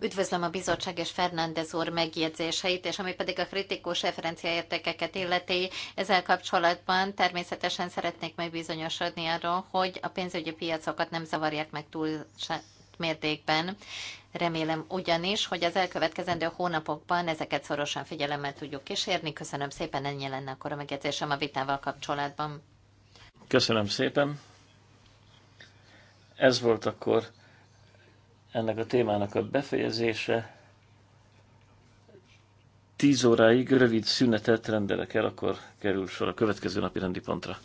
Üdvözlöm a bizottság és Fernández úr megjegyzéseit, és ami pedig a kritikus referenciaértékeket illeti, ezzel kapcsolatban természetesen szeretnék megbizonyosodni arról, hogy a pénzügyi piacokat nem zavarják meg túl mértékben. Remélem ugyanis, hogy az elkövetkezendő hónapokban ezeket szorosan figyelemmel tudjuk kísérni. Köszönöm szépen, ennyi lenne akkor a megjegyzésem a vitával kapcsolatban. Köszönöm szépen. Ez volt akkor ennek a témának a befejezése. Tíz óráig rövid szünetet rendelek el, akkor kerül sor a következő napi rendi pontra.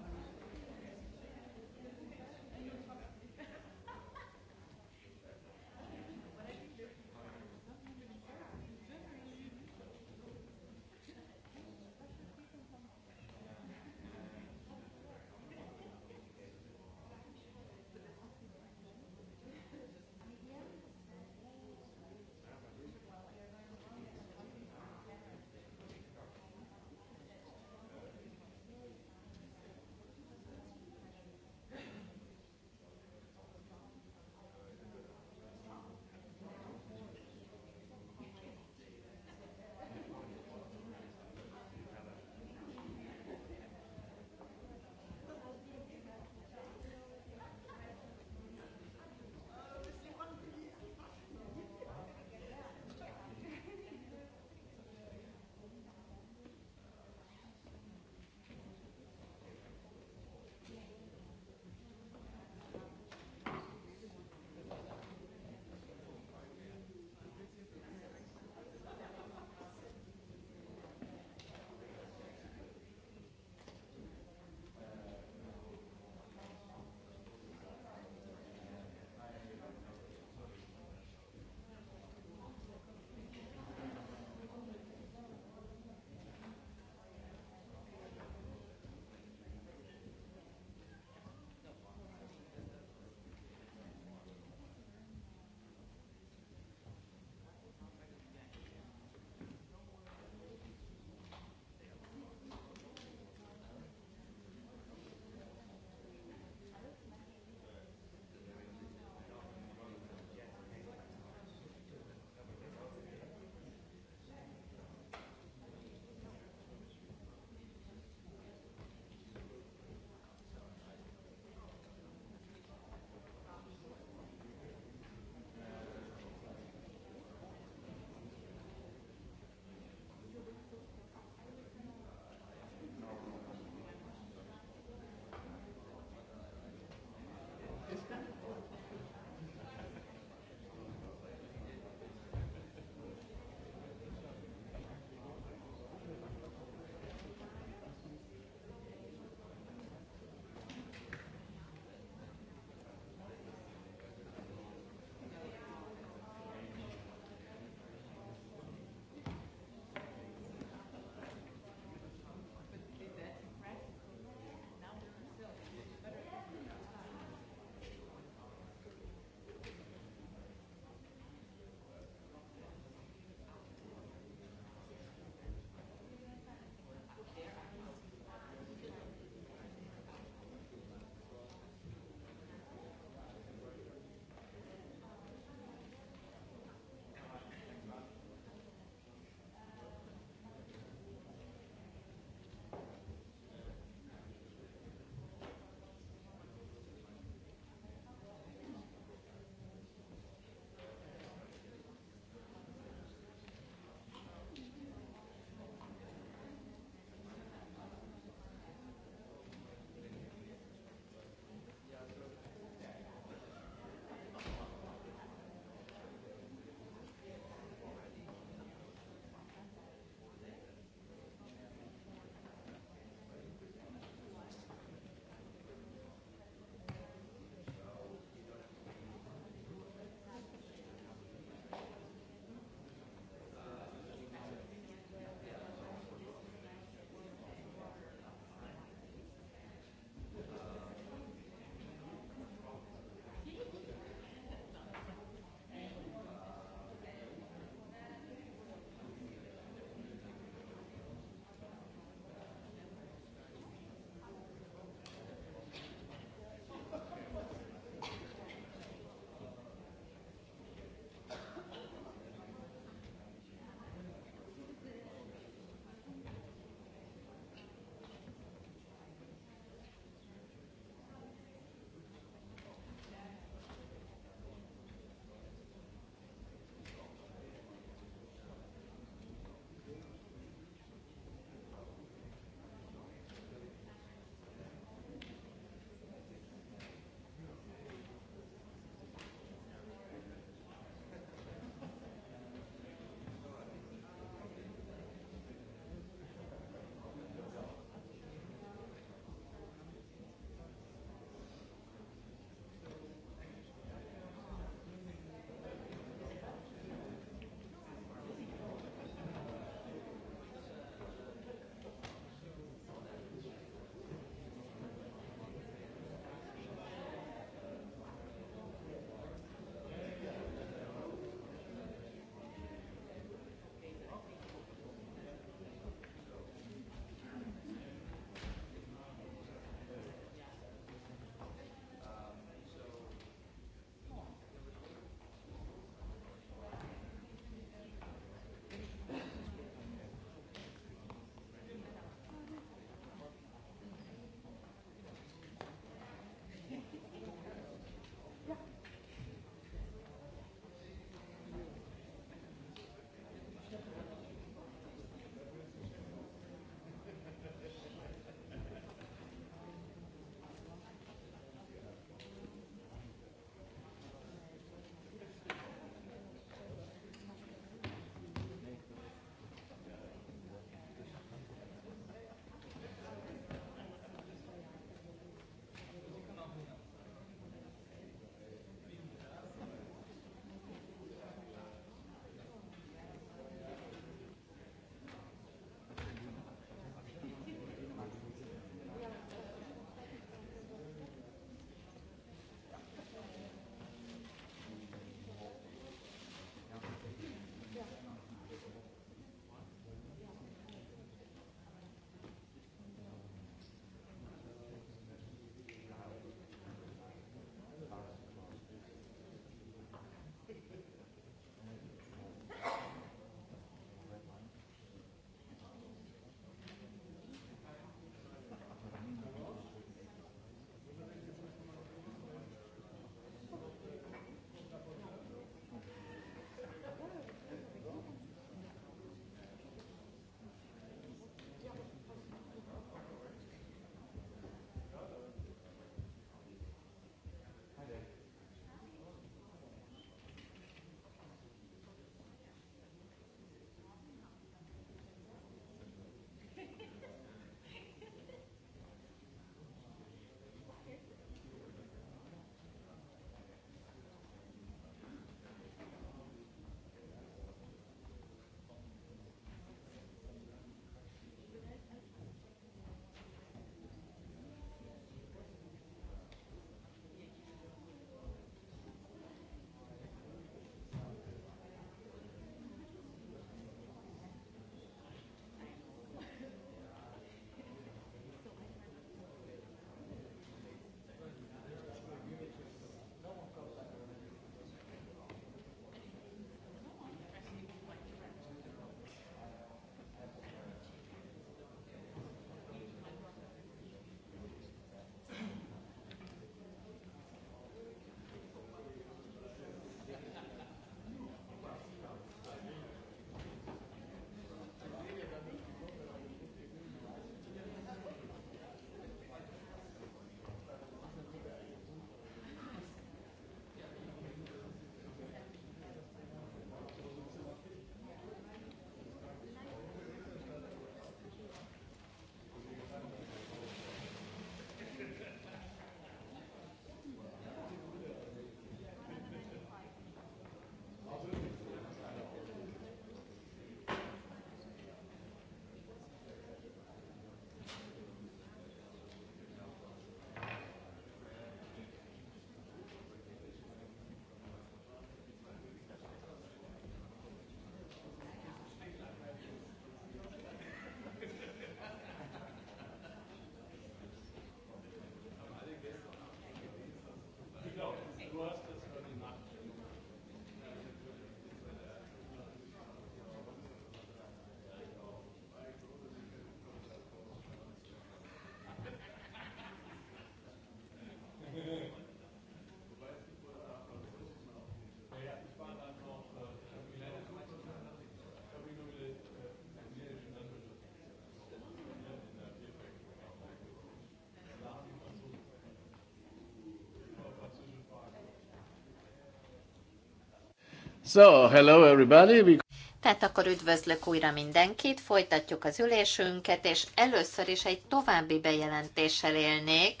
So, hello everybody. Tehát akkor üdvözlök újra mindenkit, folytatjuk az ülésünket, és először is egy további bejelentéssel élnék,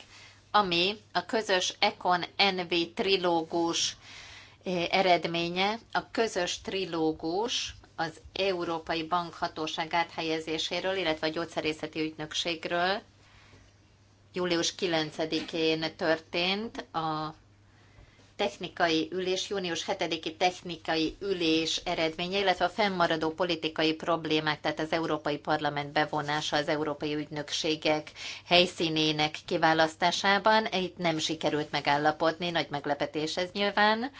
ami a közös Econ NV trilógus eh, eredménye. A közös trilógus az Európai Bank hatóság áthelyezéséről, illetve a gyógyszerészeti ügynökségről július 9-én történt a technikai ülés, június 7-i technikai ülés eredménye, illetve a fennmaradó politikai problémák, tehát az Európai Parlament bevonása az Európai Ügynökségek helyszínének kiválasztásában. Itt nem sikerült megállapodni, nagy meglepetés ez nyilván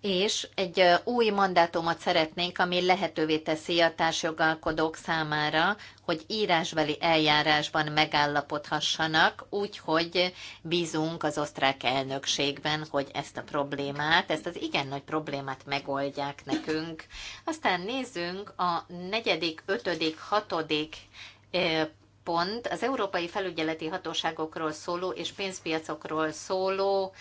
és egy új mandátumot szeretnénk, ami lehetővé teszi a társjogalkodók számára, hogy írásbeli eljárásban megállapodhassanak, úgyhogy bízunk az osztrák elnökségben, hogy ezt a problémát, ezt az igen nagy problémát megoldják nekünk. Aztán nézzünk a negyedik, ötödik, hatodik pont, az Európai Felügyeleti Hatóságokról szóló és pénzpiacokról szóló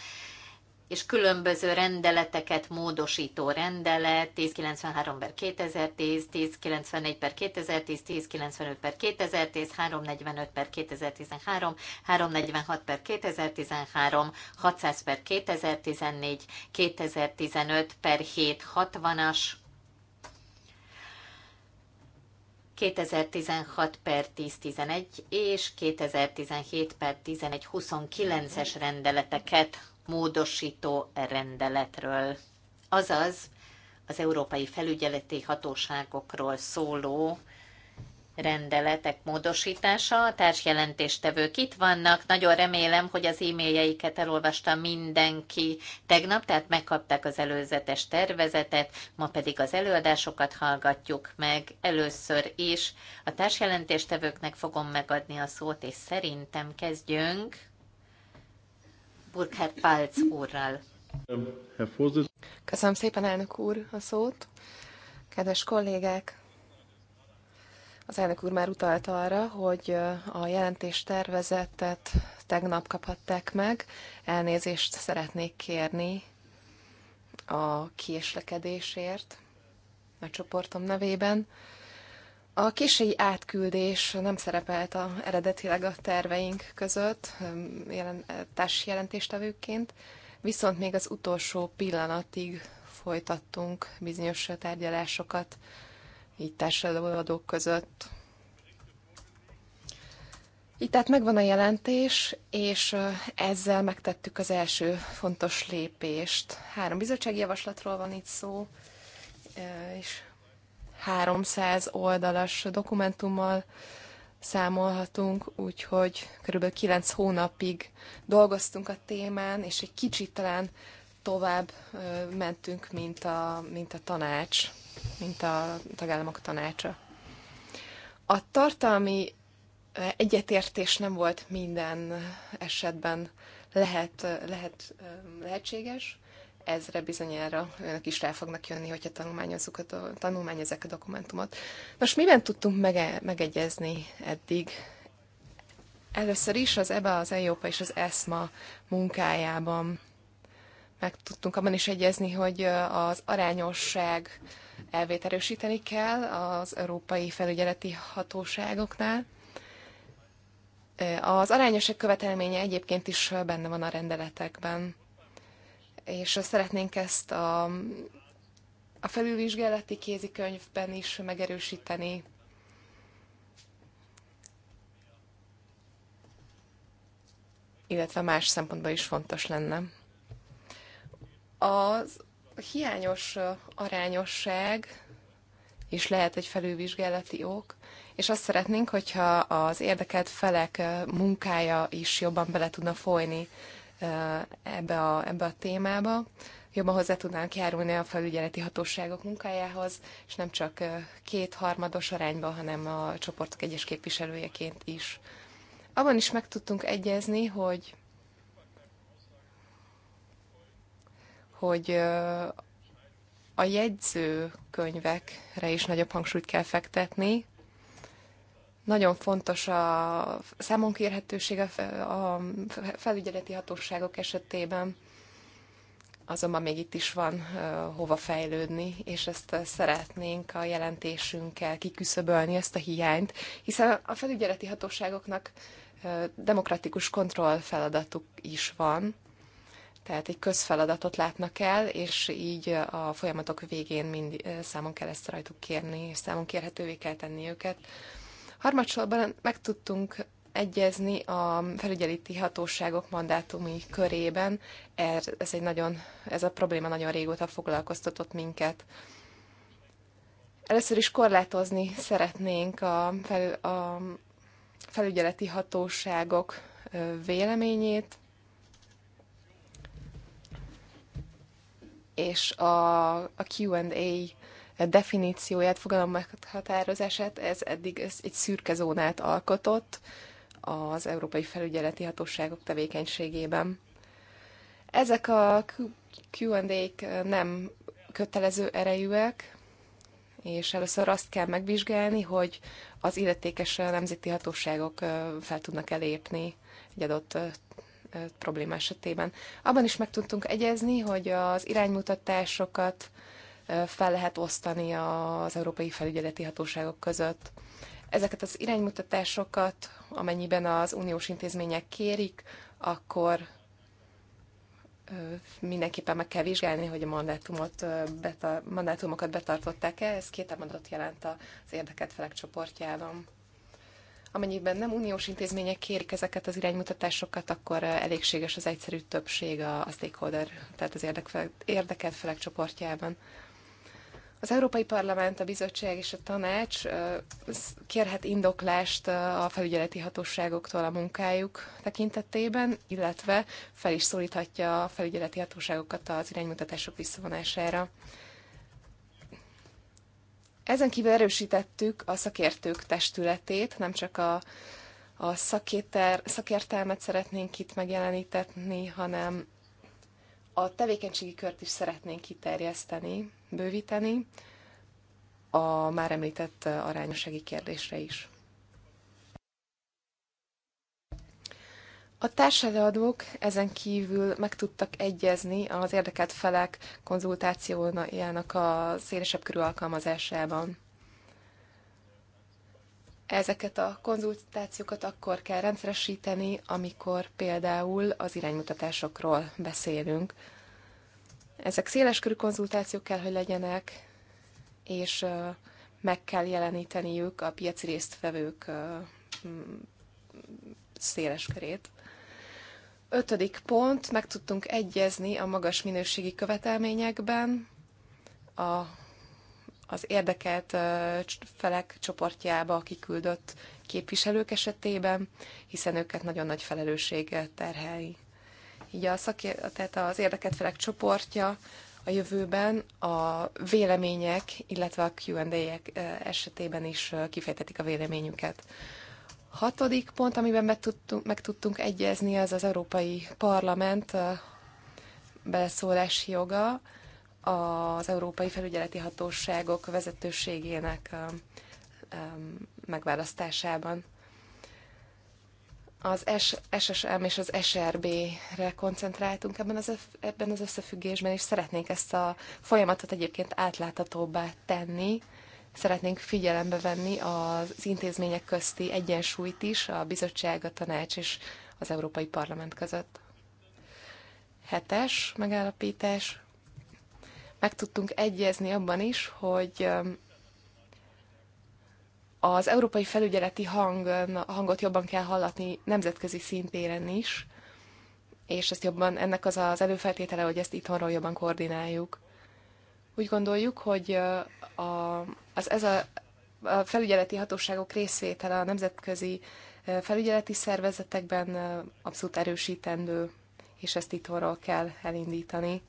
és különböző rendeleteket módosító rendelet 1093 per 2010, 1091 per 2010, 1095 per 2010, 345 per 2013, 346 per 2013, 600 per 2014, 2015 per 760-as, 2016 per 10-11 és 2017 per 29 es rendeleteket módosító rendeletről, azaz az Európai Felügyeleti Hatóságokról szóló rendeletek módosítása. A társjelentéstevők itt vannak. Nagyon remélem, hogy az e-mailjeiket elolvasta mindenki tegnap, tehát megkapták az előzetes tervezetet, ma pedig az előadásokat hallgatjuk meg először is. A társjelentéstevőknek fogom megadni a szót, és szerintem kezdjünk Burkhard úrral. Köszönöm szépen, elnök úr, a szót. Kedves kollégák, az elnök úr már utalta arra, hogy a jelentés tervezetet tegnap kaphatták meg. Elnézést szeretnék kérni a késlekedésért a csoportom nevében. A késői átküldés nem szerepelt a, eredetileg a terveink között jelen, jelentéstevőként, viszont még az utolsó pillanatig folytattunk bizonyos tárgyalásokat, így társadalmadók között. Itt tehát megvan a jelentés, és ezzel megtettük az első fontos lépést. Három bizottsági javaslatról van itt szó, és 300 oldalas dokumentummal számolhatunk, úgyhogy körülbelül 9 hónapig dolgoztunk a témán, és egy kicsit talán tovább mentünk, mint a, mint a tanács, mint a tagállamok tanácsa. A tartalmi egyetértés nem volt minden esetben lehet, lehet, lehetséges, ezre bizonyára önök is rá fognak jönni, hogyha tanulmányozzuk a, tanulmány tanulmányozzák a dokumentumot. Most miben tudtunk mege- megegyezni eddig? Először is az EBA, az EIOPA és az ESMA munkájában meg tudtunk abban is egyezni, hogy az arányosság elvét erősíteni kell az európai felügyeleti hatóságoknál. Az arányosság követelménye egyébként is benne van a rendeletekben és szeretnénk ezt a, a felülvizsgálati kézikönyvben is megerősíteni. illetve más szempontból is fontos lenne. Az hiányos arányosság is lehet egy felülvizsgálati ok, és azt szeretnénk, hogyha az érdekelt felek munkája is jobban bele tudna folyni ebbe a, ebbe a témába, jobban hozzá tudnánk járulni a felügyeleti hatóságok munkájához, és nem csak kétharmados arányban, hanem a csoportok egyes képviselőjeként is. Abban is meg tudtunk egyezni, hogy hogy a jegyzőkönyvekre is nagyobb hangsúlyt kell fektetni, nagyon fontos a számonkérhetőség a felügyeleti hatóságok esetében, azonban még itt is van hova fejlődni, és ezt szeretnénk a jelentésünkkel kiküszöbölni, ezt a hiányt, hiszen a felügyeleti hatóságoknak demokratikus kontroll feladatuk is van, tehát egy közfeladatot látnak el, és így a folyamatok végén mind számon kell ezt rajtuk kérni, és számon kérhetővé kell tenni őket. Harmadsorban meg tudtunk egyezni a felügyeleti hatóságok mandátumi körében. Er, ez, egy nagyon, ez a probléma nagyon régóta foglalkoztatott minket. Először is korlátozni szeretnénk a, fel, a felügyeleti hatóságok véleményét, és a, a Q&A definícióját, fogalom meghatározását, ez eddig ez egy szürke zónát alkotott az Európai Felügyeleti Hatóságok tevékenységében. Ezek a Q&A-k nem kötelező erejűek, és először azt kell megvizsgálni, hogy az illetékes nemzeti hatóságok fel tudnak elépni egy adott probléma esetében. Abban is meg tudtunk egyezni, hogy az iránymutatásokat fel lehet osztani az európai felügyeleti hatóságok között. Ezeket az iránymutatásokat, amennyiben az uniós intézmények kérik, akkor mindenképpen meg kell vizsgálni, hogy a mandátumot, beta, mandátumokat betartották-e. Ez két elmondatot jelent az érdeket felek csoportjában. Amennyiben nem uniós intézmények kérik ezeket az iránymutatásokat, akkor elégséges az egyszerű többség a, a stakeholder, tehát az érdekelt felek csoportjában. Az Európai Parlament, a Bizottság és a Tanács kérhet indoklást a felügyeleti hatóságoktól a munkájuk tekintetében, illetve fel is szólíthatja a felügyeleti hatóságokat az iránymutatások visszavonására. Ezen kívül erősítettük a szakértők testületét, nem csak a, a szakéter, szakértelmet szeretnénk itt megjelenítetni, hanem a tevékenységi kört is szeretnénk kiterjeszteni, bővíteni a már említett arányossági kérdésre is. A társadalmadók ezen kívül meg tudtak egyezni az érdekelt felek konzultációjának a szélesebb körű alkalmazásában. Ezeket a konzultációkat akkor kell rendszeresíteni, amikor például az iránymutatásokról beszélünk. Ezek széleskörű konzultációk kell, hogy legyenek, és meg kell jeleníteniük a piaci résztvevők széles körét. Ötödik pont, meg tudtunk egyezni a magas minőségi követelményekben, a, az érdekelt felek csoportjába kiküldött képviselők esetében, hiszen őket nagyon nagy felelősséggel terheli így a szakér, tehát az érdekelt felek csoportja a jövőben a vélemények, illetve a Q&A-ek esetében is kifejtetik a véleményüket. Hatodik pont, amiben meg tudtunk, meg tudtunk egyezni, az az Európai Parlament beleszólási joga az Európai Felügyeleti Hatóságok vezetőségének megválasztásában az SSM és az SRB-re koncentráltunk ebben az, ebben az összefüggésben, és szeretnénk ezt a folyamatot egyébként átláthatóbbá tenni. Szeretnénk figyelembe venni az intézmények közti egyensúlyt is, a bizottság, a tanács és az Európai Parlament között. Hetes megállapítás. Meg tudtunk egyezni abban is, hogy az európai felügyeleti hang, hangot jobban kell hallatni nemzetközi szintéren is, és ezt jobban, ennek az az előfeltétele, hogy ezt itthonról jobban koordináljuk. Úgy gondoljuk, hogy a, az, ez a, a felügyeleti hatóságok részvétele a nemzetközi felügyeleti szervezetekben abszolút erősítendő, és ezt itthonról kell elindítani.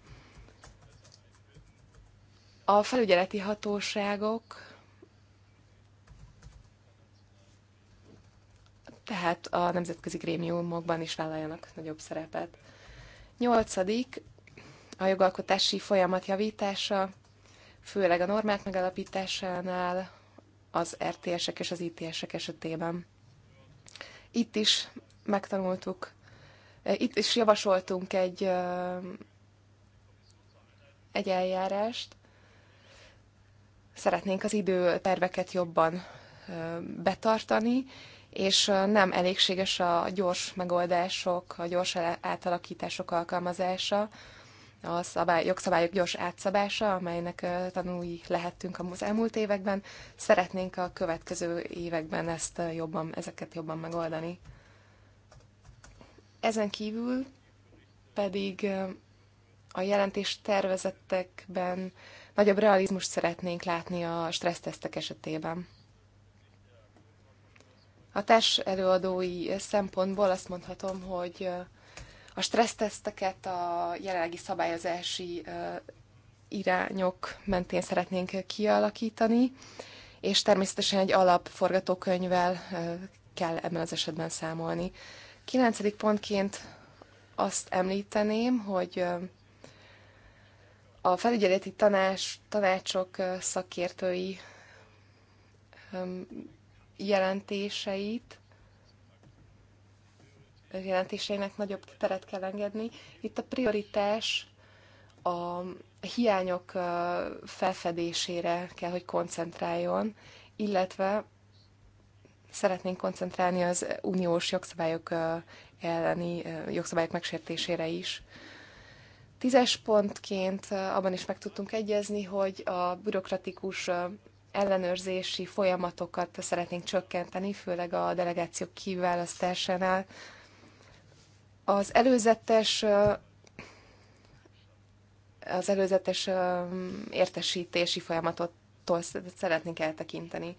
A felügyeleti hatóságok tehát a nemzetközi grémiumokban is vállaljanak nagyobb szerepet. Nyolcadik, a jogalkotási folyamat javítása, főleg a normák megalapításánál, az RTS-ek és az ITS-ek esetében. Itt is megtanultuk, eh, itt is javasoltunk egy, eh, egy eljárást. Szeretnénk az időterveket jobban eh, betartani, és nem elégséges a gyors megoldások, a gyors átalakítások alkalmazása, a szabály, jogszabályok gyors átszabása, amelynek tanulni lehettünk az elmúlt években. Szeretnénk a következő években ezt jobban, ezeket jobban megoldani. Ezen kívül pedig a jelentés tervezettekben nagyobb realizmust szeretnénk látni a stressztesztek esetében. A társ előadói szempontból azt mondhatom, hogy a stresszteszteket a jelenlegi szabályozási irányok mentén szeretnénk kialakítani, és természetesen egy forgatókönyvvel kell ebben az esetben számolni. Kilencedik pontként azt említeném, hogy a felügyeleti tanács, tanácsok szakértői jelentéseit, jelentéseinek nagyobb teret kell engedni. Itt a prioritás a hiányok felfedésére kell, hogy koncentráljon, illetve szeretnénk koncentrálni az uniós jogszabályok elleni jogszabályok megsértésére is. Tízes pontként abban is meg tudtunk egyezni, hogy a bürokratikus ellenőrzési folyamatokat szeretnénk csökkenteni, főleg a delegációk kiválasztásánál. Az előzetes az előzetes értesítési folyamatot szeretnénk eltekinteni.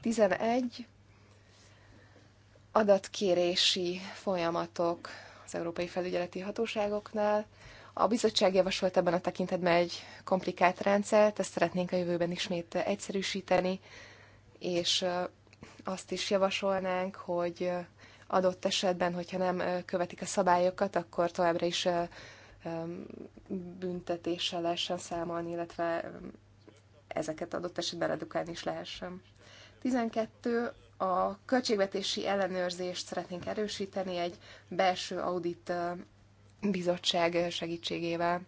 11. Adatkérési folyamatok az Európai Felügyeleti Hatóságoknál. A bizottság javasolt ebben a tekintetben egy komplikált rendszert, ezt szeretnénk a jövőben ismét egyszerűsíteni, és azt is javasolnánk, hogy adott esetben, hogyha nem követik a szabályokat, akkor továbbra is büntetéssel lehessen számolni, illetve ezeket adott esetben redukálni is lehessen. 12. A költségvetési ellenőrzést szeretnénk erősíteni, egy belső audit bizottság segítségével.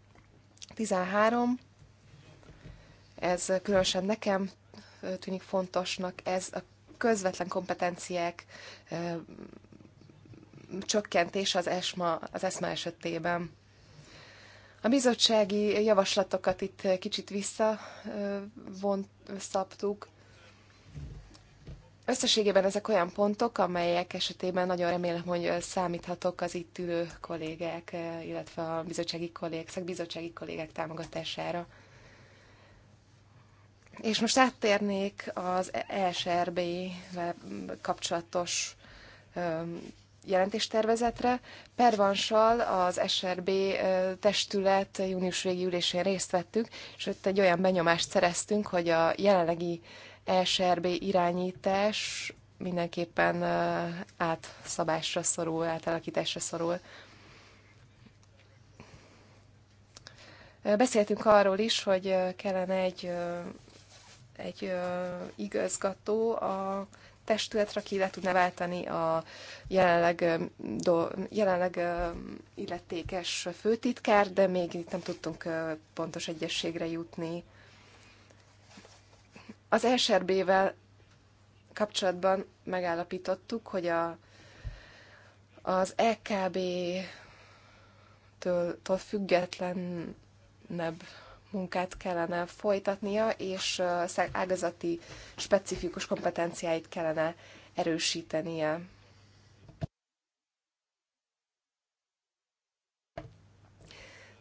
13. Ez különösen nekem tűnik fontosnak, ez a közvetlen kompetenciák csökkentés az ESMA, az ESMA esetében. A bizottsági javaslatokat itt kicsit visszavont, szabtuk, Összességében ezek olyan pontok, amelyek esetében nagyon remélem, hogy számíthatok az itt ülő kollégák, illetve a bizottsági kollégák, szakbizottsági kollégák támogatására. És most áttérnék az esrb kapcsolatos jelentéstervezetre. Pervansal az SRB testület június végi ülésén részt vettünk, és ott egy olyan benyomást szereztünk, hogy a jelenlegi E SRB irányítás mindenképpen átszabásra szorul, átalakításra szorul. Beszéltünk arról is, hogy kellene egy, egy igazgató a testületre, aki le tudna váltani a jelenleg, do, jelenleg illetékes főtitkár, de még itt nem tudtunk pontos egyességre jutni. Az SRB-vel kapcsolatban megállapítottuk, hogy a, az EKB-től függetlenebb munkát kellene folytatnia, és ágazati specifikus kompetenciáit kellene erősítenie.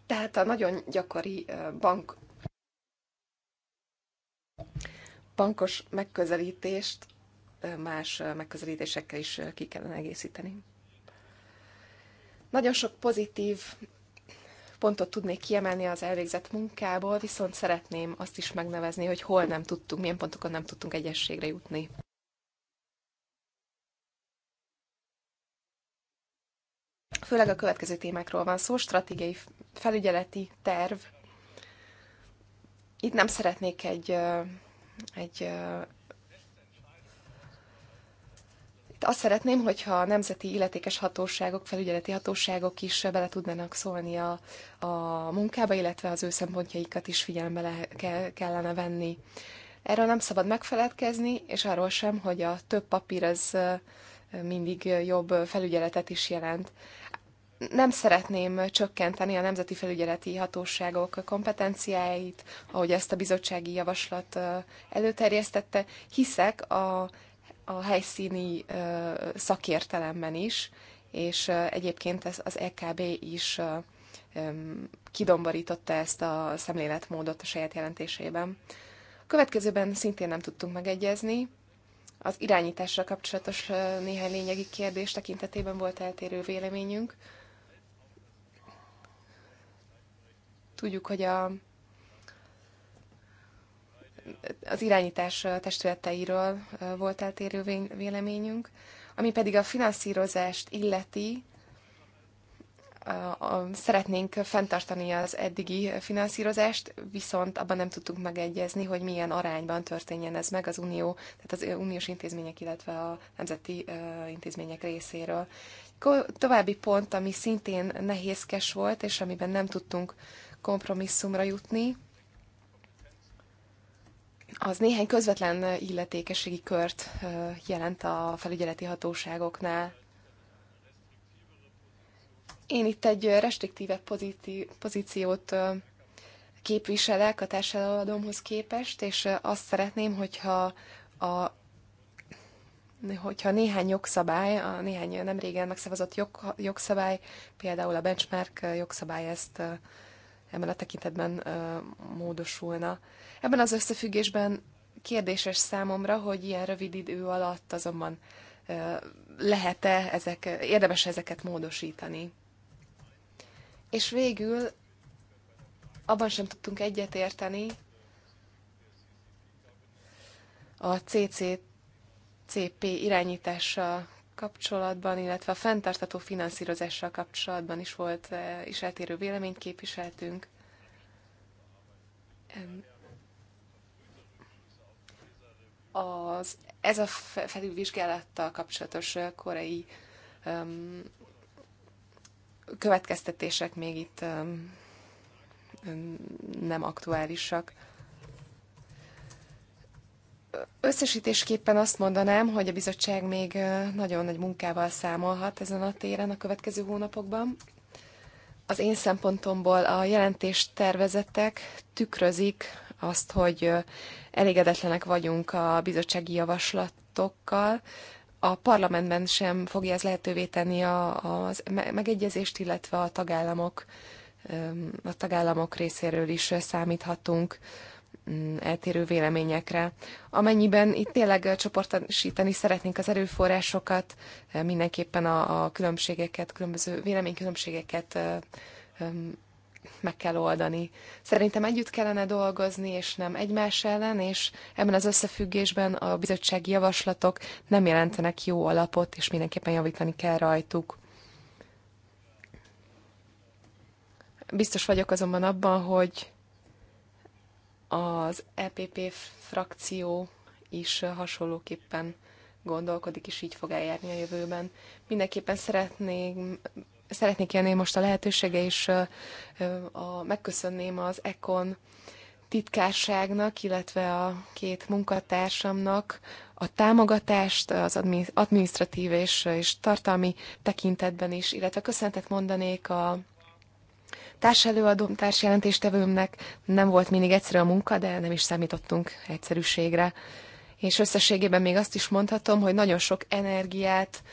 Tehát a nagyon gyakori bank bankos megközelítést más megközelítésekkel is ki kellene egészíteni. Nagyon sok pozitív pontot tudnék kiemelni az elvégzett munkából, viszont szeretném azt is megnevezni, hogy hol nem tudtunk, milyen pontokon nem tudtunk egyességre jutni. Főleg a következő témákról van szó, stratégiai felügyeleti terv. Itt nem szeretnék egy egy itt azt szeretném, hogyha a nemzeti illetékes hatóságok, felügyeleti hatóságok is bele tudnának szólni a, a munkába, illetve az ő szempontjaikat is figyelembe le, ke, kellene venni. Erről nem szabad megfeledkezni, és arról sem, hogy a több papír az mindig jobb felügyeletet is jelent nem szeretném csökkenteni a nemzeti felügyeleti hatóságok kompetenciáit, ahogy ezt a bizottsági javaslat előterjesztette. Hiszek a, a helyszíni szakértelemben is, és egyébként ez az EKB is kidomborította ezt a szemléletmódot a saját jelentésében. A következőben szintén nem tudtunk megegyezni. Az irányításra kapcsolatos néhány lényegi kérdés tekintetében volt eltérő véleményünk. Tudjuk, hogy a, az irányítás testületeiről volt eltérő véleményünk, ami pedig a finanszírozást illeti, szeretnénk fenntartani az eddigi finanszírozást, viszont abban nem tudtunk megegyezni, hogy milyen arányban történjen ez meg az unió, tehát az uniós intézmények, illetve a nemzeti intézmények részéről. További pont, ami szintén nehézkes volt, és amiben nem tudtunk kompromisszumra jutni, az néhány közvetlen illetékeségi kört jelent a felügyeleti hatóságoknál. Én itt egy restriktívebb pozíciót képviselek a társadalomhoz képest, és azt szeretném, hogyha a hogyha néhány jogszabály, a néhány nem régen megszavazott jog, jogszabály, például a benchmark jogszabály ezt ebben a tekintetben módosulna. Ebben az összefüggésben kérdéses számomra, hogy ilyen rövid idő alatt azonban lehet-e ezek, érdemes ezeket módosítani. És végül abban sem tudtunk egyetérteni a CCCP irányítása kapcsolatban, illetve a fenntartató finanszírozással kapcsolatban is volt, eh, is eltérő véleményt képviseltünk. Az, ez a felülvizsgálattal kapcsolatos eh, korai um, következtetések még itt um, nem aktuálisak. Összesítésképpen azt mondanám, hogy a bizottság még nagyon nagy munkával számolhat ezen a téren a következő hónapokban. Az én szempontomból a jelentést tervezetek tükrözik azt, hogy elégedetlenek vagyunk a bizottsági javaslatokkal. A parlamentben sem fogja ez lehetővé tenni a, a megegyezést, illetve a tagállamok, a tagállamok részéről is számíthatunk eltérő véleményekre. Amennyiben itt tényleg csoportosítani szeretnénk az erőforrásokat, mindenképpen a, a különbségeket, különböző véleménykülönbségeket meg kell oldani. Szerintem együtt kellene dolgozni, és nem egymás ellen, és ebben az összefüggésben a bizottsági javaslatok nem jelentenek jó alapot, és mindenképpen javítani kell rajtuk. Biztos vagyok azonban abban, hogy az EPP frakció is hasonlóképpen gondolkodik, és így fog eljárni a jövőben. Mindenképpen szeretnék, szeretnék élni most a lehetősége, és a, a, megköszönném az ECON titkárságnak, illetve a két munkatársamnak a támogatást az adminisztratív és, és tartalmi tekintetben is, illetve köszöntet mondanék a társelőadóm, társjelentéstevőmnek. Nem volt mindig egyszerű a munka, de nem is számítottunk egyszerűségre. És összességében még azt is mondhatom, hogy nagyon sok energiát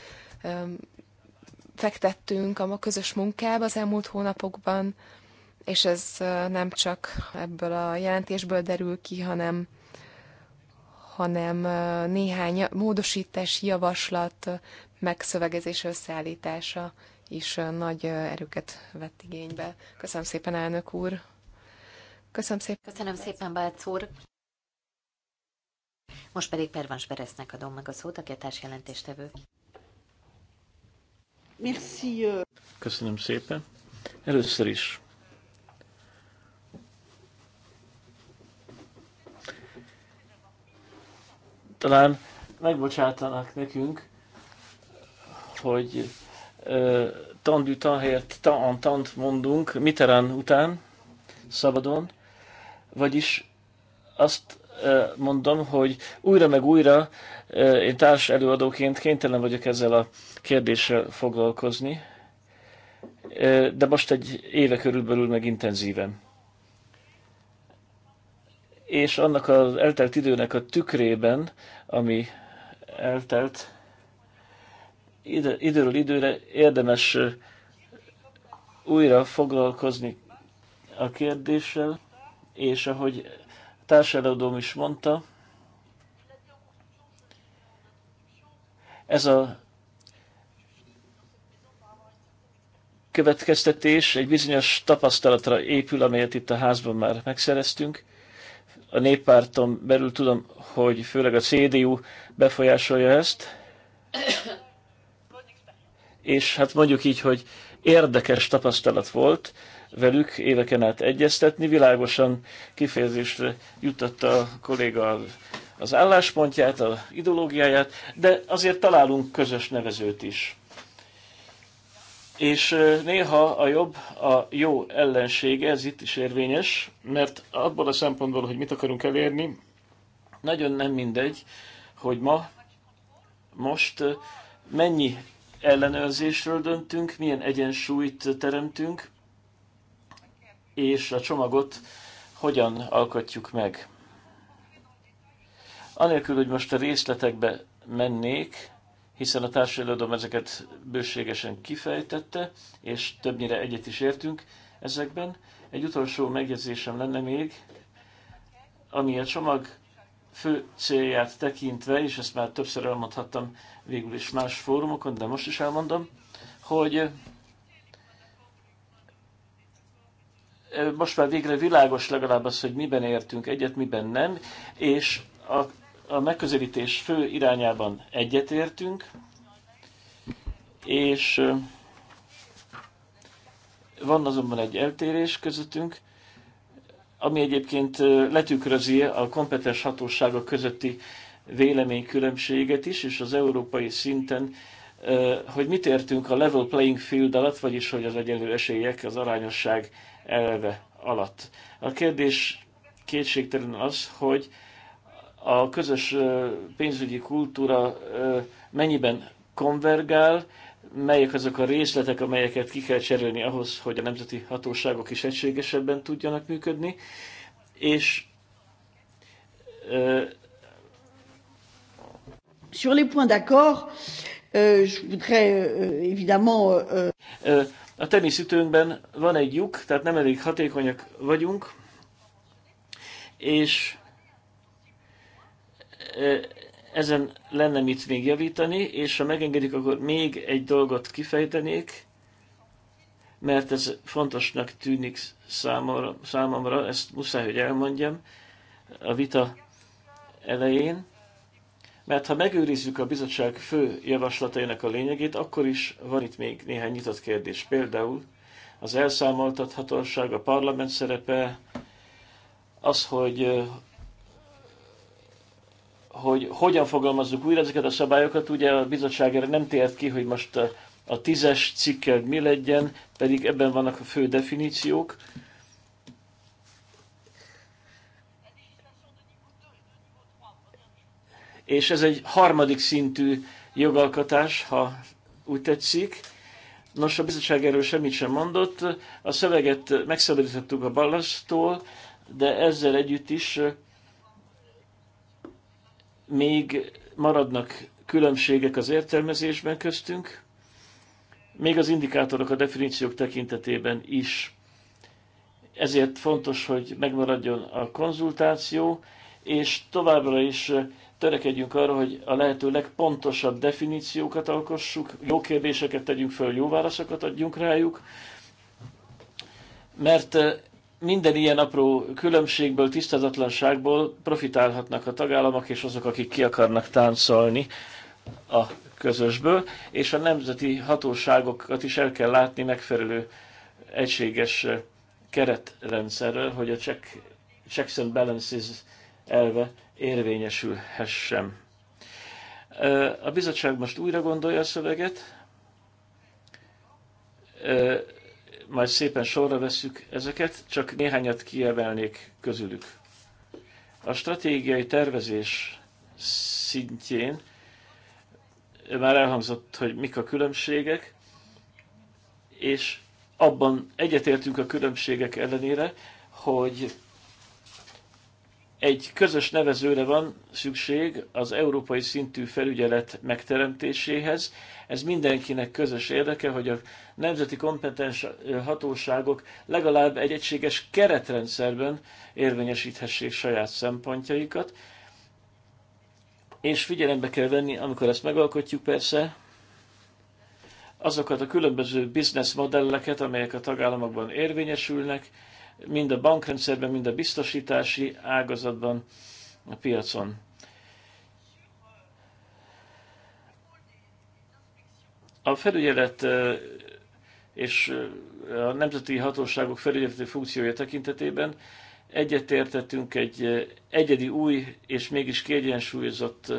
fektettünk a közös munkába az elmúlt hónapokban, és ez nem csak ebből a jelentésből derül ki, hanem, hanem néhány módosítás, javaslat, megszövegezés, összeállítása is nagy erőket vett igénybe. Köszönöm szépen, elnök úr! Köszönöm szépen! Köszönöm szépen, Bác úr! Most pedig Pervans Beresznek adom meg a szót, aki a társjelentéstevő. Merci. Köszönöm szépen. Először is talán megbocsátanak nekünk, hogy tandű tan helyett ta tant mondunk Mitterrand után, szabadon, vagyis azt mondom, hogy újra meg újra én társ előadóként kénytelen vagyok ezzel a kérdéssel foglalkozni, de most egy éve körülbelül meg intenzíven. És annak az eltelt időnek a tükrében, ami eltelt, idő, időről időre érdemes újra foglalkozni a kérdéssel, és ahogy társadalom is mondta, ez a következtetés egy bizonyos tapasztalatra épül, amelyet itt a házban már megszereztünk. A néppárton belül tudom, hogy főleg a CDU befolyásolja ezt és hát mondjuk így, hogy érdekes tapasztalat volt velük éveken át egyeztetni, világosan kifejezésre jutott a kolléga az álláspontját, az ideológiáját, de azért találunk közös nevezőt is. És néha a jobb a jó ellensége, ez itt is érvényes, mert abból a szempontból, hogy mit akarunk elérni, nagyon nem mindegy, hogy ma, most mennyi ellenőrzésről döntünk, milyen egyensúlyt teremtünk, és a csomagot hogyan alkotjuk meg. Anélkül, hogy most a részletekbe mennék, hiszen a társadalom ezeket bőségesen kifejtette, és többnyire egyet is értünk ezekben. Egy utolsó megjegyzésem lenne még, ami a csomag fő célját tekintve, és ezt már többször elmondhattam végül is más fórumokon, de most is elmondom, hogy most már végre világos legalább az, hogy miben értünk egyet, miben nem, és a, a megközelítés fő irányában egyetértünk, és van azonban egy eltérés közöttünk, ami egyébként letükrözi a kompetens hatóságok közötti véleménykülönbséget is, és az európai szinten, hogy mit értünk a level playing field alatt, vagyis hogy az egyenlő esélyek az arányosság elve alatt. A kérdés kétségtelen az, hogy a közös pénzügyi kultúra mennyiben konvergál, melyek azok a részletek, amelyeket ki kell cserélni ahhoz, hogy a nemzeti hatóságok is egységesebben tudjanak működni, és Sur les points d'accord, euh, je voudrais euh, évidemment. Euh, euh, a teniszütőnkben van egy lyuk, tehát nem elég hatékonyak vagyunk, és ezen lenne mit még javítani, és ha megengedik, akkor még egy dolgot kifejtenék, mert ez fontosnak tűnik számomra, számomra ezt muszáj, hogy elmondjam a vita elején, mert ha megőrizzük a bizottság fő javaslatainak a lényegét, akkor is van itt még néhány nyitott kérdés. Például az elszámoltathatóság, a parlament szerepe, az, hogy hogy hogyan fogalmazzuk újra ezeket a szabályokat. Ugye a bizottság erre nem tért ki, hogy most a, a tízes cikkel mi legyen, pedig ebben vannak a fő definíciók. És ez egy harmadik szintű jogalkotás, ha úgy tetszik. Nos, a bizottság erről semmit sem mondott. A szöveget megszabadítottuk a ballasztól, de ezzel együtt is még maradnak különbségek az értelmezésben köztünk, még az indikátorok a definíciók tekintetében is. Ezért fontos, hogy megmaradjon a konzultáció, és továbbra is törekedjünk arra, hogy a lehető legpontosabb definíciókat alkossuk, jó kérdéseket tegyünk föl, jó válaszokat adjunk rájuk, mert minden ilyen apró különbségből, tisztázatlanságból profitálhatnak a tagállamok és azok, akik ki akarnak táncolni a közösből, és a nemzeti hatóságokat is el kell látni megfelelő egységes eh, keretrendszerrel, hogy a check, checks and balances elve érvényesülhessen. Eh, a bizottság most újra gondolja a szöveget, eh, majd szépen sorra vesszük ezeket, csak néhányat kiemelnék közülük. A stratégiai tervezés szintjén már elhangzott, hogy mik a különbségek, és abban egyetértünk a különbségek ellenére, hogy egy közös nevezőre van szükség az európai szintű felügyelet megteremtéséhez. Ez mindenkinek közös érdeke, hogy a nemzeti kompetens hatóságok legalább egy egységes keretrendszerben érvényesíthessék saját szempontjaikat. És figyelembe kell venni, amikor ezt megalkotjuk persze, azokat a különböző bizneszmodelleket, amelyek a tagállamokban érvényesülnek, mind a bankrendszerben, mind a biztosítási ágazatban, a piacon. A felügyelet és a nemzeti hatóságok felügyeleti funkciója tekintetében egyetértettünk egy egyedi új és mégis kiegyensúlyozott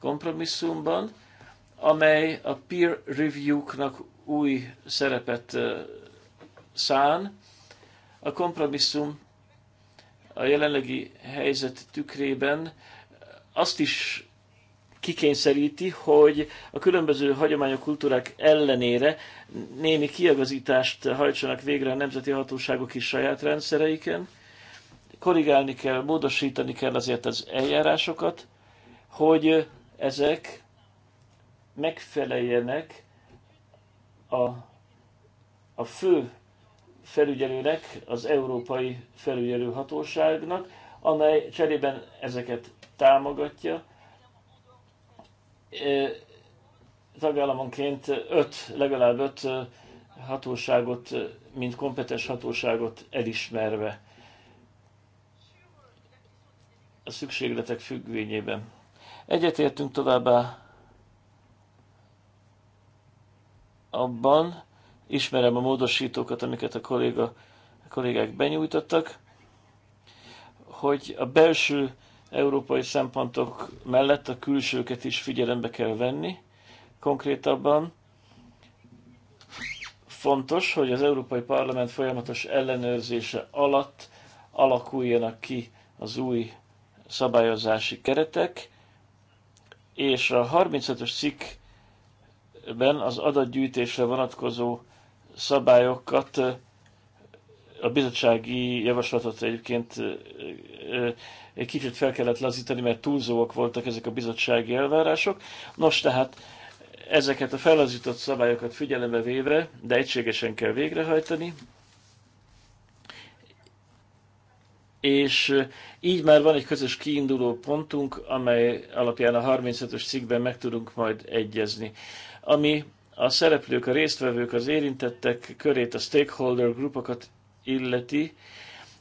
kompromisszumban, amely a peer review-knak új szerepet szán, a kompromisszum a jelenlegi helyzet tükrében azt is kikényszeríti, hogy a különböző hagyományok, kultúrák ellenére némi kiagazítást hajtsanak végre a nemzeti hatóságok is saját rendszereiken. Korrigálni kell, módosítani kell azért az eljárásokat, hogy ezek megfeleljenek a, a fő felügyelőnek, az Európai Felügyelőhatóságnak, amely cserében ezeket támogatja. Tagállamonként öt, legalább öt hatóságot, mint kompetens hatóságot elismerve a szükségletek függvényében. Egyetértünk továbbá abban, Ismerem a módosítókat, amiket a, kolléga, a kollégák benyújtottak, hogy a belső európai szempontok mellett a külsőket is figyelembe kell venni. Konkrétabban fontos, hogy az Európai Parlament folyamatos ellenőrzése alatt alakuljanak ki az új szabályozási keretek, és a 35-ös cikkben az adatgyűjtésre vonatkozó szabályokat, a bizottsági javaslatot egyébként egy kicsit fel kellett lazítani, mert túlzóak voltak ezek a bizottsági elvárások. Nos, tehát ezeket a fellazított szabályokat figyelembe véve, de egységesen kell végrehajtani, és így már van egy közös kiinduló pontunk, amely alapján a 35-ös cikkben meg tudunk majd egyezni. Ami a szereplők, a résztvevők, az érintettek körét, a stakeholder grupokat illeti,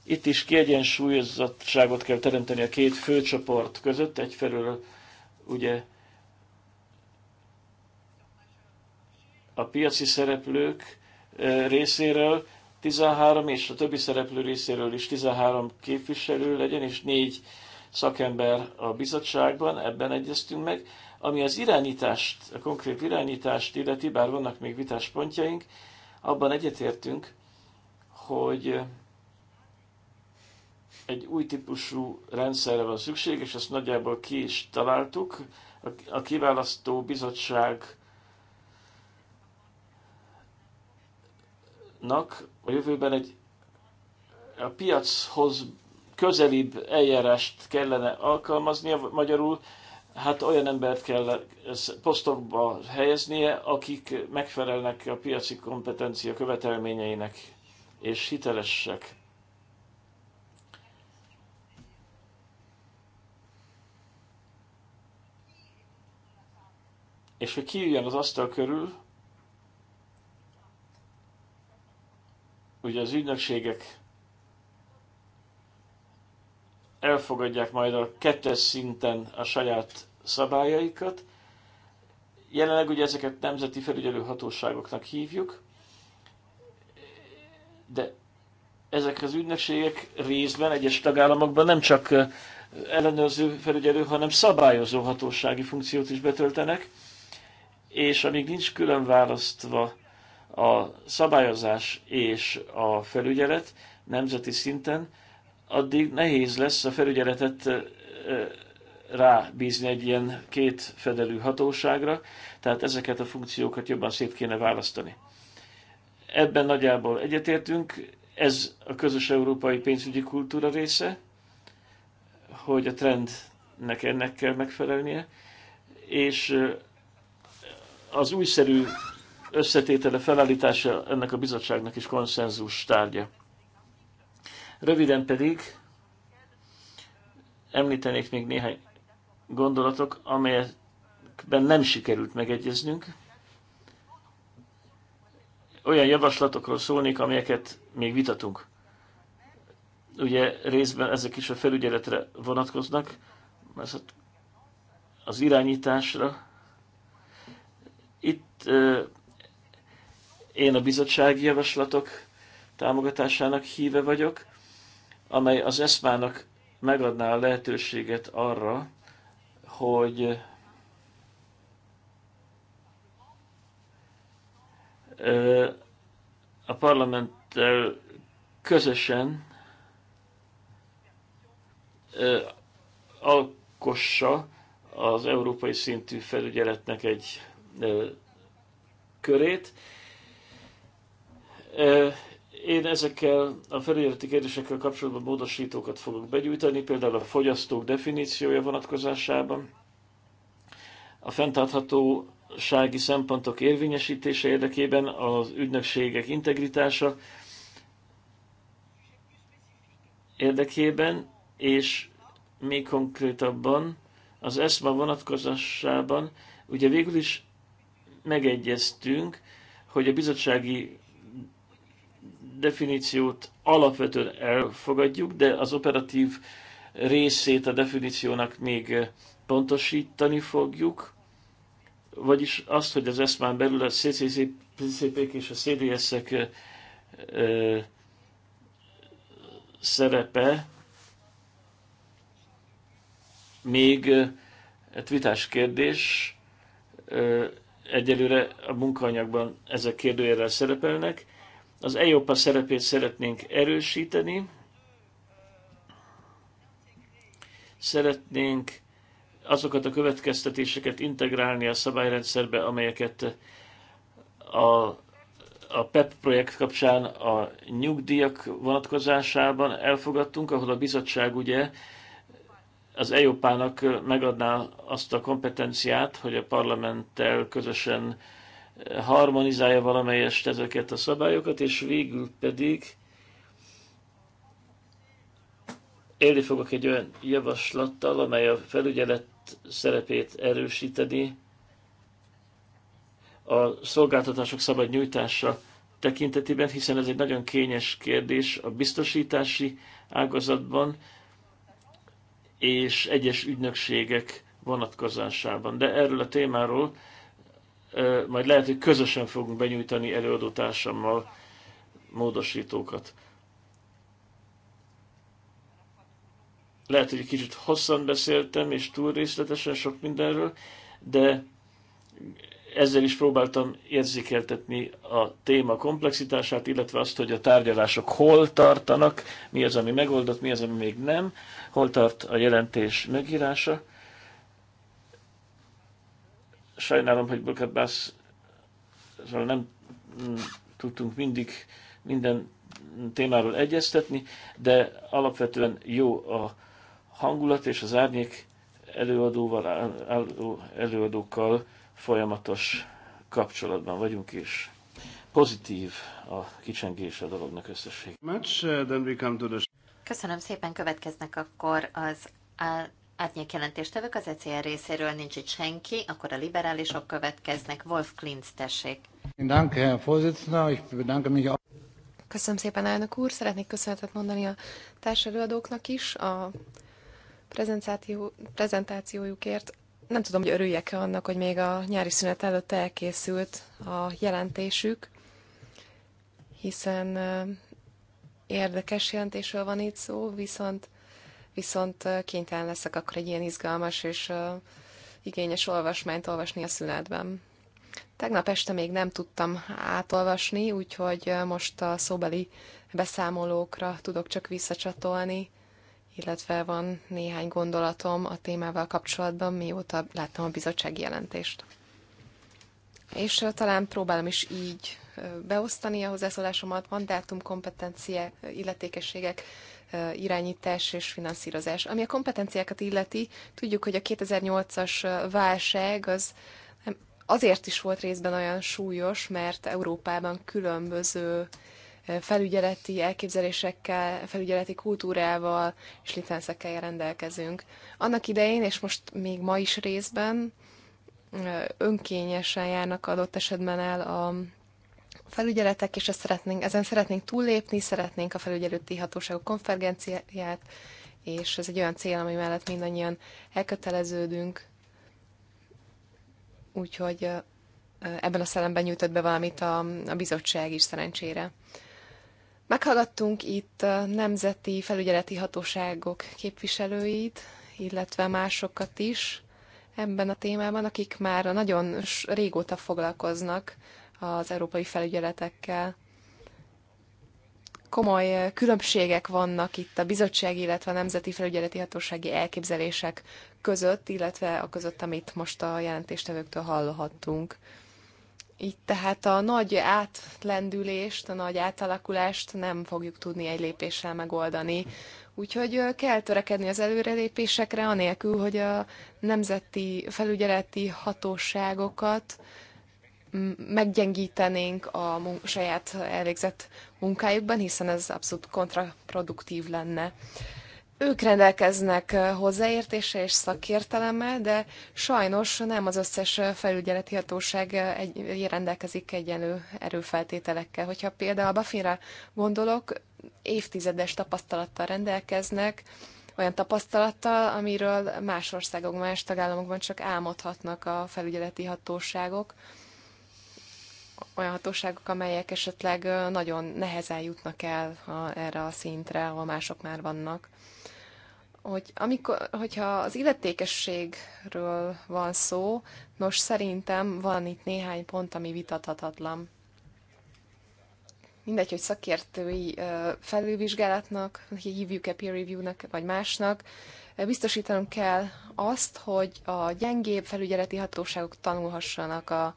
itt is kiegyensúlyozottságot kell teremteni a két fő csoport között, egyfelől ugye a piaci szereplők eh, részéről 13 és a többi szereplő részéről is 13 képviselő legyen, és négy szakember a bizottságban, ebben egyeztünk meg. Ami az irányítást, a konkrét irányítást illeti, bár vannak még vitás pontjaink, abban egyetértünk, hogy egy új típusú rendszerre van szükség, és ezt nagyjából ki is találtuk. A kiválasztó bizottságnak a jövőben egy a piachoz közelibb eljárást kellene alkalmaznia, magyarul hát olyan embert kell posztokba helyeznie, akik megfelelnek a piaci kompetencia követelményeinek, és hitelesek. És hogy kiüljön az asztal körül, ugye az ügynökségek elfogadják majd a kettes szinten a saját szabályaikat. Jelenleg ugye ezeket nemzeti felügyelőhatóságoknak hívjuk, de ezek az ügynökségek részben, egyes tagállamokban nem csak ellenőrző felügyelő, hanem szabályozó hatósági funkciót is betöltenek, és amíg nincs külön választva a szabályozás és a felügyelet nemzeti szinten, addig nehéz lesz a felügyeletet rábízni egy ilyen két fedelű hatóságra, tehát ezeket a funkciókat jobban szét kéne választani. Ebben nagyjából egyetértünk, ez a közös európai pénzügyi kultúra része, hogy a trendnek ennek kell megfelelnie, és az újszerű összetétele, felállítása ennek a bizottságnak is konszenzus tárgya. Röviden pedig említenék még néhány gondolatok, amelyekben nem sikerült megegyeznünk. Olyan javaslatokról szólnék, amelyeket még vitatunk. Ugye részben ezek is a felügyeletre vonatkoznak, az irányításra. Itt én a bizottsági javaslatok támogatásának híve vagyok, amely az eszmának megadná a lehetőséget arra, hogy a parlamenttel közösen alkossa az európai szintű felügyeletnek egy körét, én ezekkel a felületi kérdésekkel kapcsolatban módosítókat fogok begyűjteni, például a fogyasztók definíciója vonatkozásában, a fenntarthatósági szempontok érvényesítése érdekében, az ügynökségek integritása érdekében, és még konkrétabban az ESMA vonatkozásában, ugye végül is megegyeztünk, hogy a bizottsági definíciót alapvetően elfogadjuk, de az operatív részét a definíciónak még pontosítani fogjuk, vagyis azt, hogy az eszmán belül a CCCP-k és a CDS-ek szerepe még hát vitás kérdés, egyelőre a munkaanyagban ezek kérdőjelrel szerepelnek, az EIOPA szerepét szeretnénk erősíteni, szeretnénk azokat a következtetéseket integrálni a szabályrendszerbe, amelyeket a, a PEP projekt kapcsán a nyugdíjak vonatkozásában elfogadtunk, ahol a bizottság ugye az EIOPA-nak megadná azt a kompetenciát, hogy a parlamenttel közösen harmonizálja valamelyest ezeket a szabályokat, és végül pedig élni fogok egy olyan javaslattal, amely a felügyelet szerepét erősíteni, a szolgáltatások szabad nyújtása tekintetében, hiszen ez egy nagyon kényes kérdés a biztosítási ágazatban és egyes ügynökségek vonatkozásában. De erről a témáról majd lehet, hogy közösen fogunk benyújtani előadótársammal módosítókat. Lehet, hogy egy kicsit hosszan beszéltem, és túl részletesen sok mindenről, de ezzel is próbáltam érzékeltetni a téma komplexitását, illetve azt, hogy a tárgyalások hol tartanak, mi az, ami megoldott, mi az, ami még nem, hol tart a jelentés megírása sajnálom, hogy Burkhard Bass nem mm, tudtunk mindig minden témáról egyeztetni, de alapvetően jó a hangulat és az árnyék előadóval, előadókkal folyamatos kapcsolatban vagyunk, és pozitív a kicsengés a dolognak összességében. Uh, Köszönöm szépen, következnek akkor az Árnyékjelentéstevők az ECR részéről nincs itt senki, akkor a liberálisok következnek. Wolf Klintz, tessék. Köszönöm szépen, elnök úr. Szeretnék köszönetet mondani a társelőadóknak is a prezentáció, prezentációjukért. Nem tudom, hogy örüljek-e annak, hogy még a nyári szünet előtt elkészült a jelentésük, hiszen érdekes jelentésről van itt szó, viszont viszont kénytelen leszek akkor egy ilyen izgalmas és igényes olvasmányt olvasni a szünetben. Tegnap este még nem tudtam átolvasni, úgyhogy most a szóbeli beszámolókra tudok csak visszacsatolni, illetve van néhány gondolatom a témával kapcsolatban, mióta láttam a bizottsági jelentést. És talán próbálom is így beosztani a hozzászólásomat, mandátum, kompetenciák, illetékességek, irányítás és finanszírozás. Ami a kompetenciákat illeti, tudjuk, hogy a 2008-as válság az azért is volt részben olyan súlyos, mert Európában különböző felügyeleti elképzelésekkel, felügyeleti kultúrával és licenszekkel rendelkezünk. Annak idején, és most még ma is részben, önkényesen járnak adott esetben el a felügyeletek, és szeretnénk, ezen szeretnénk túllépni, szeretnénk a felügyelőti hatóságok konferenciáját, és ez egy olyan cél, ami mellett mindannyian elköteleződünk. Úgyhogy ebben a szellemben nyújtott be valamit a, a bizottság is szerencsére. Meghallgattunk itt nemzeti felügyeleti hatóságok képviselőit, illetve másokat is ebben a témában, akik már nagyon régóta foglalkoznak az európai felügyeletekkel. Komoly különbségek vannak itt a bizottság, illetve a Nemzeti Felügyeleti Hatósági elképzelések között, illetve a között, amit most a jelentéstevőktől hallhattunk. Így tehát a nagy átlendülést, a nagy átalakulást nem fogjuk tudni egy lépéssel megoldani. Úgyhogy kell törekedni az előrelépésekre, anélkül, hogy a nemzeti felügyeleti hatóságokat meggyengítenénk a mun- saját elvégzett munkájukban, hiszen ez abszolút kontraproduktív lenne. Ők rendelkeznek hozzáértése és szakértelemmel, de sajnos nem az összes felügyeleti hatóság egy, rendelkezik egyenlő erőfeltételekkel. Hogyha például a Bafinra gondolok, évtizedes tapasztalattal rendelkeznek, olyan tapasztalattal, amiről más országokban, más tagállamokban csak álmodhatnak a felügyeleti hatóságok olyan hatóságok, amelyek esetleg nagyon nehezen jutnak el a, erre a szintre, ahol mások már vannak. Hogy amikor, hogyha az illetékességről van szó, nos szerintem van itt néhány pont, ami vitathatatlan. Mindegy, hogy szakértői felülvizsgálatnak, hívjuk-e peer review-nak, vagy másnak, biztosítanunk kell azt, hogy a gyengébb felügyeleti hatóságok tanulhassanak a,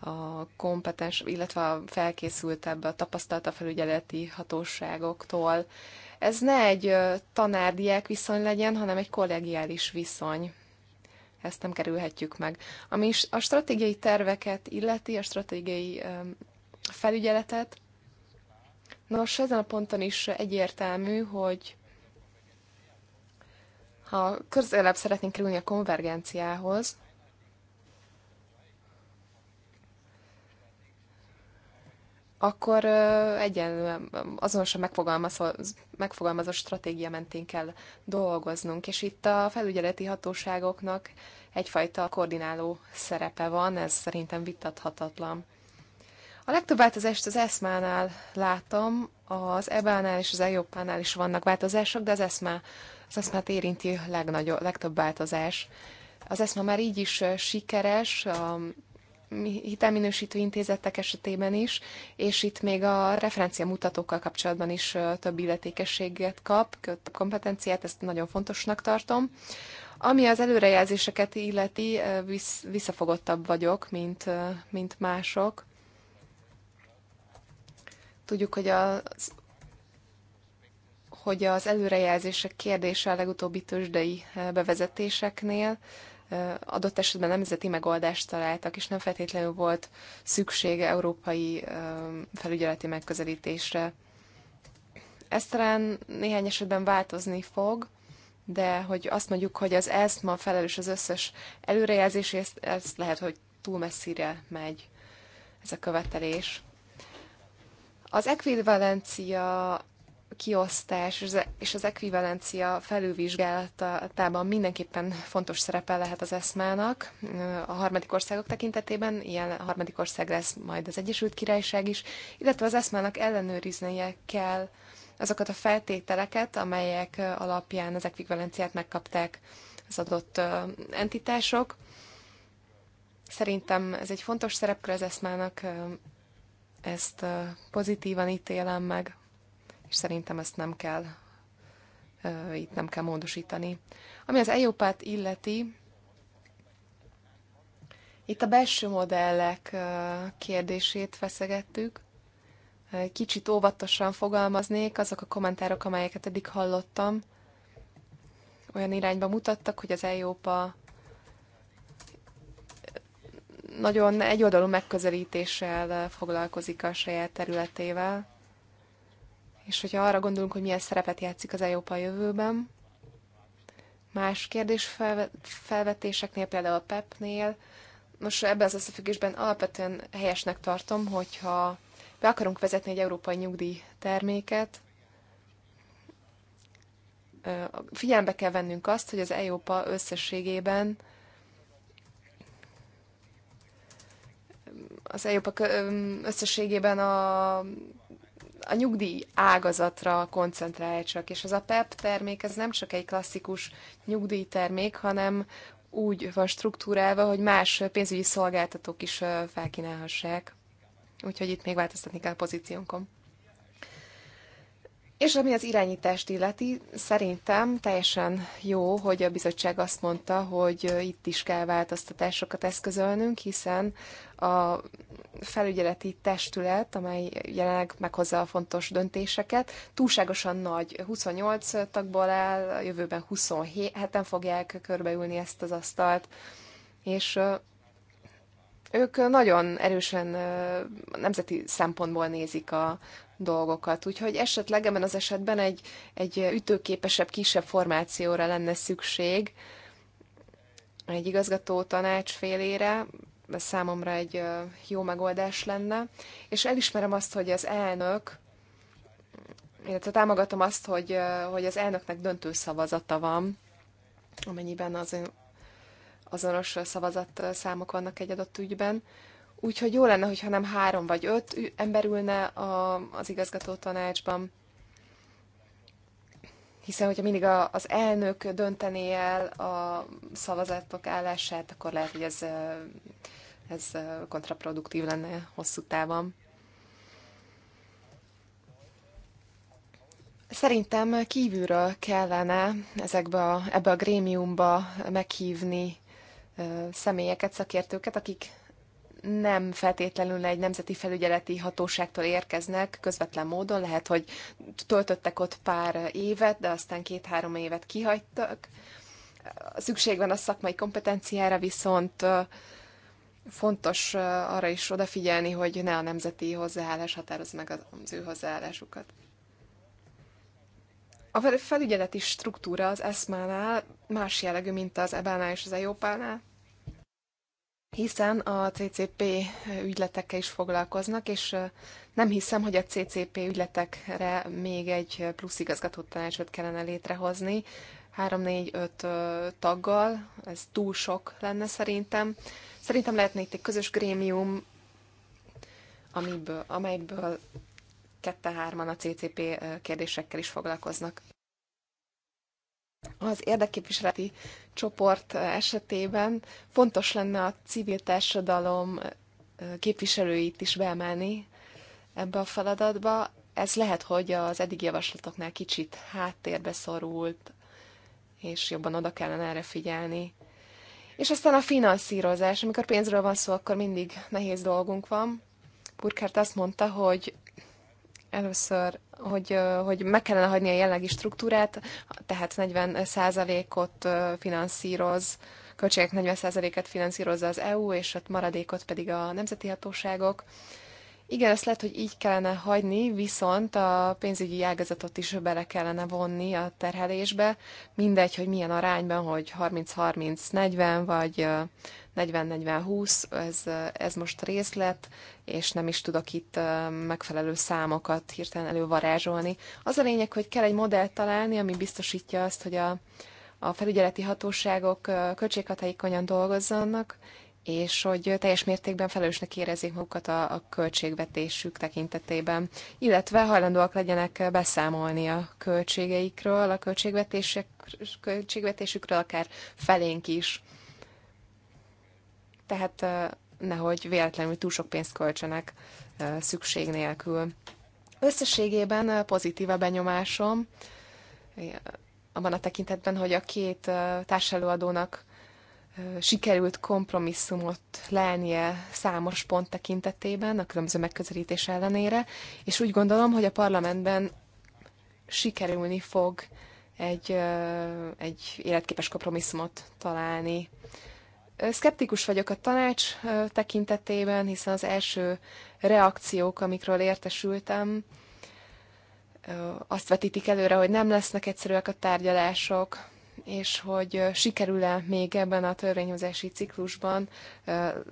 a kompetens, illetve a felkészültebb, a tapasztalta felügyeleti hatóságoktól. Ez ne egy tanárdiák viszony legyen, hanem egy kollegiális viszony. Ezt nem kerülhetjük meg. Ami a stratégiai terveket illeti, a stratégiai felügyeletet, nos, ezen a ponton is egyértelmű, hogy ha közelebb szeretnénk kerülni a konvergenciához, akkor egyenlően azonosan megfogalmazó megfogalmazott stratégia mentén kell dolgoznunk, és itt a felügyeleti hatóságoknak egyfajta koordináló szerepe van, ez szerintem vitathatatlan. A legtöbb változást az ESMA-nál látom, az EBA-nál és az EIOPA-nál is vannak változások, de az ESMA, az esma érinti legnagyobb, legtöbb változás. Az ESMA már így is sikeres, a hitelminősítő intézetek esetében is, és itt még a referencia mutatókkal kapcsolatban is több illetékességet kap, több kompetenciát, ezt nagyon fontosnak tartom. Ami az előrejelzéseket illeti, visszafogottabb vagyok, mint, mint mások. Tudjuk, hogy az hogy az előrejelzések kérdése a legutóbbi tőzsdei bevezetéseknél adott esetben nemzeti megoldást találtak, és nem feltétlenül volt szüksége európai felügyeleti megközelítésre. Ez talán néhány esetben változni fog, de hogy azt mondjuk, hogy az ezt ma felelős az összes ez, ez lehet, hogy túl messzire megy ez a követelés. Az ekvivalencia kiosztás e- és az ekvivalencia felülvizsgálatában mindenképpen fontos szerepe lehet az eszmának. A harmadik országok tekintetében ilyen a harmadik ország lesz majd az Egyesült Királyság is, illetve az eszmának ellenőriznie kell azokat a feltételeket, amelyek alapján az ekvivalenciát megkapták az adott entitások. Szerintem ez egy fontos szerepkör az eszmának, ezt pozitívan ítélem meg és szerintem ezt nem kell, itt nem kell módosítani. Ami az EIOPÁT illeti, itt a belső modellek kérdését feszegettük. Kicsit óvatosan fogalmaznék, azok a kommentárok, amelyeket eddig hallottam, olyan irányba mutattak, hogy az EIOPA nagyon egyoldalú megközelítéssel foglalkozik a saját területével és hogyha arra gondolunk, hogy milyen szerepet játszik az Európa a jövőben, más kérdés felvetéseknél, például a PEP-nél, most ebben az összefüggésben alapvetően helyesnek tartom, hogyha be akarunk vezetni egy európai nyugdíj terméket, figyelembe kell vennünk azt, hogy az EIOPA összességében az EIOPA összességében a a nyugdíj ágazatra koncentrálja csak, és az a PEP e termék, ez nem csak egy klasszikus nyugdíjtermék, hanem úgy van struktúrálva, hogy más pénzügyi szolgáltatók is felkínálhassák. Úgyhogy itt még változtatni kell a pozíciónkon. És ami az irányítást illeti, szerintem teljesen jó, hogy a bizottság azt mondta, hogy itt is kell változtatásokat eszközölnünk, hiszen a felügyeleti testület, amely jelenleg meghozza a fontos döntéseket, túlságosan nagy, 28 tagból áll, a jövőben 27-en fogják körbeülni ezt az asztalt, és ők nagyon erősen nemzeti szempontból nézik a dolgokat, úgyhogy esetleg ebben az esetben egy, egy ütőképesebb, kisebb formációra lenne szükség, egy igazgató tanács félére, számomra egy jó megoldás lenne, és elismerem azt, hogy az elnök, illetve támogatom azt, hogy, hogy az elnöknek döntő szavazata van, amennyiben az azonos szavazat számok vannak egy adott ügyben. Úgyhogy jó lenne, hogyha nem három vagy öt ember ülne a, az igazgató tanácsban, hiszen hogyha mindig a, az elnök döntené el a szavazatok állását, akkor lehet, hogy ez, ez kontraproduktív lenne hosszú távon. Szerintem kívülről kellene ezekbe a, ebbe a grémiumba meghívni személyeket, szakértőket, akik nem feltétlenül egy nemzeti felügyeleti hatóságtól érkeznek közvetlen módon, lehet, hogy töltöttek ott pár évet, de aztán két-három évet kihagytak. Szükség van a szakmai kompetenciára, viszont fontos arra is odafigyelni, hogy ne a nemzeti hozzáállás határoz meg az ő hozzáállásukat. A felügyeleti struktúra az ESMA-nál más jellegű, mint az EBA-nál és az EIOPA-nál hiszen a CCP ügyletekkel is foglalkoznak, és nem hiszem, hogy a CCP ügyletekre még egy plusz igazgató tanácsot kellene létrehozni. 3-4-5 taggal, ez túl sok lenne szerintem. Szerintem lehetne itt egy közös grémium, amiből, amelyből kette-hárman a CCP kérdésekkel is foglalkoznak. Az érdekképviseleti csoport esetében fontos lenne a civil társadalom képviselőit is beemelni ebbe a feladatba. Ez lehet, hogy az eddig javaslatoknál kicsit háttérbe szorult, és jobban oda kellene erre figyelni. És aztán a finanszírozás. Amikor pénzről van szó, akkor mindig nehéz dolgunk van. Burkert azt mondta, hogy Először, hogy, hogy meg kellene hagyni a jelenlegi struktúrát, tehát 40%-ot finanszíroz, költségek 40%-et finanszírozza az EU, és a maradékot pedig a nemzeti hatóságok. Igen, ezt lehet, hogy így kellene hagyni, viszont a pénzügyi ágazatot is bele kellene vonni a terhelésbe. Mindegy, hogy milyen arányban, hogy 30-30-40 vagy 40-40-20, ez, ez most részlet, és nem is tudok itt megfelelő számokat hirtelen elővarázsolni. Az a lényeg, hogy kell egy modellt találni, ami biztosítja azt, hogy a, a felügyeleti hatóságok költséghatáikonyan dolgozzanak, és hogy teljes mértékben felelősnek érezzék magukat a, a költségvetésük tekintetében, illetve hajlandóak legyenek beszámolni a költségeikről, a költségvetések, költségvetésükről, akár felénk is tehát nehogy véletlenül túl sok pénzt költsenek szükség nélkül. Összességében pozitív a benyomásom, abban a tekintetben, hogy a két társelőadónak sikerült kompromisszumot lelnie számos pont tekintetében, a különböző megközelítés ellenére, és úgy gondolom, hogy a parlamentben sikerülni fog egy, egy életképes kompromisszumot találni. Szkeptikus vagyok a tanács tekintetében, hiszen az első reakciók, amikről értesültem, azt vetítik előre, hogy nem lesznek egyszerűek a tárgyalások, és hogy sikerül-e még ebben a törvényhozási ciklusban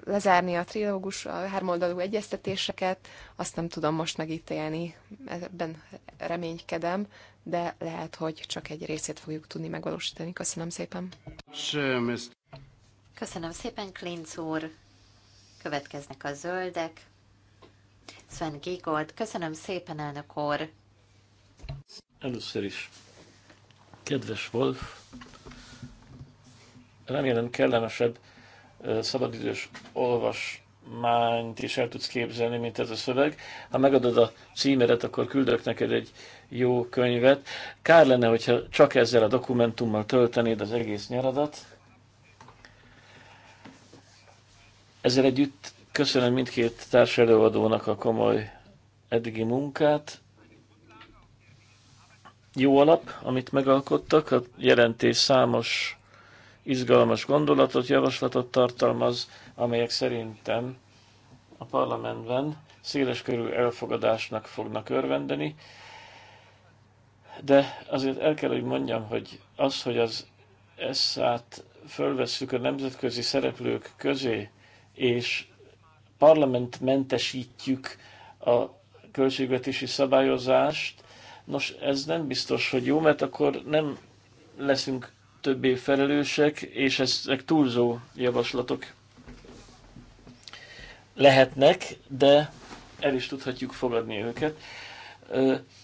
lezárni a trilógus, a hármoldalú egyeztetéseket, azt nem tudom most megítélni, ebben reménykedem, de lehet, hogy csak egy részét fogjuk tudni megvalósítani. Köszönöm szépen. Köszönöm szépen, Klinc úr. Következnek a zöldek. Sven Gigold, köszönöm szépen, elnök úr. Először is, kedves Wolf, remélem kellemesebb szabadidős olvasmányt is el tudsz képzelni, mint ez a szöveg. Ha megadod a címeret, akkor küldök neked egy jó könyvet. Kár lenne, hogyha csak ezzel a dokumentummal töltenéd az egész nyaradat. Ezzel együtt köszönöm mindkét társ előadónak a komoly eddigi munkát. Jó alap, amit megalkottak, a jelentés számos izgalmas gondolatot, javaslatot tartalmaz, amelyek szerintem a parlamentben széles körül elfogadásnak fognak örvendeni. De azért el kell, hogy mondjam, hogy az, hogy az ESZ-át fölvesszük a nemzetközi szereplők közé, és parlamentmentesítjük a költségvetési szabályozást, nos, ez nem biztos, hogy jó, mert akkor nem leszünk többé felelősek, és ezek túlzó javaslatok lehetnek, de el is tudhatjuk fogadni őket.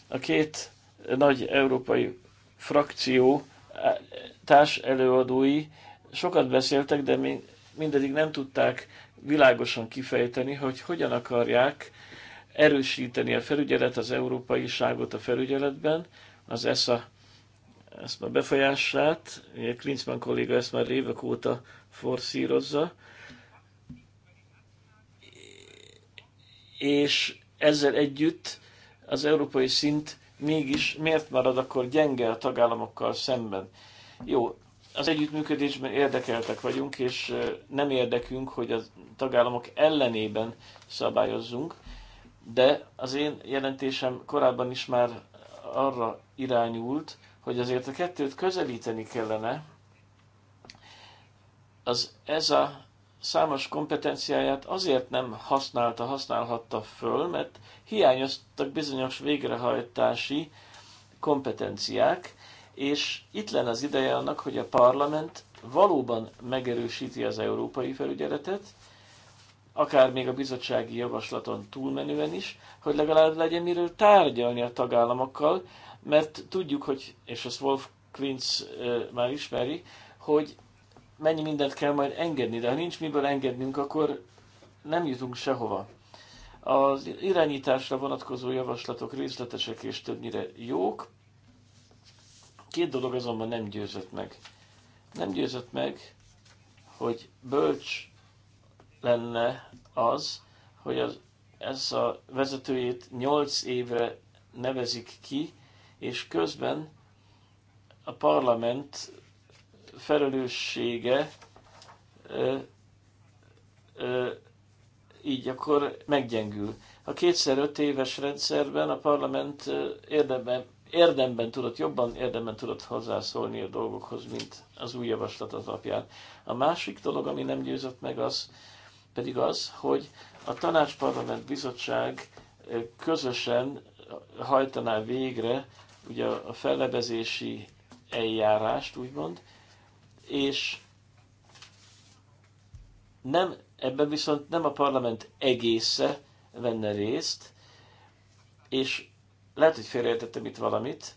A két nagy európai frakció társ előadói sokat beszéltek, de még mindedig nem tudták világosan kifejteni, hogy hogyan akarják erősíteni a felügyelet, az európai ságot a felügyeletben, az ESA ezt már befolyását, ugye Klinsmann kolléga ezt már évek óta forszírozza, és ezzel együtt az európai szint mégis miért marad akkor gyenge a tagállamokkal szemben? Jó, az együttműködésben érdekeltek vagyunk, és nem érdekünk, hogy a tagállamok ellenében szabályozzunk, de az én jelentésem korábban is már arra irányult, hogy azért a kettőt közelíteni kellene. Az ez a számos kompetenciáját azért nem használta, használhatta föl, mert hiányoztak bizonyos végrehajtási kompetenciák, és itt lenne az ideje annak, hogy a parlament valóban megerősíti az európai felügyeletet, akár még a bizottsági javaslaton túlmenően is, hogy legalább legyen miről tárgyalni a tagállamokkal, mert tudjuk, hogy, és ezt Wolf Klintz már ismeri, hogy mennyi mindent kell majd engedni, de ha nincs miből engednünk, akkor nem jutunk sehova. Az irányításra vonatkozó javaslatok részletesek és többnyire jók, Két dolog azonban nem győzött meg. Nem győzött meg, hogy bölcs lenne az, hogy az, ez a vezetőjét nyolc évre nevezik ki, és közben a parlament felelőssége ö, ö, így akkor meggyengül. A kétszer öt éves rendszerben a parlament érdemben érdemben tudott, jobban érdemben tudott hozzászólni a dolgokhoz, mint az új javaslat apján. A másik dolog, ami nem győzött meg, az pedig az, hogy a tanácsparlament Bizottság közösen hajtaná végre ugye a fellebezési eljárást, úgymond, és nem, ebben viszont nem a parlament egésze venne részt, és lehet, hogy félreértettem itt valamit,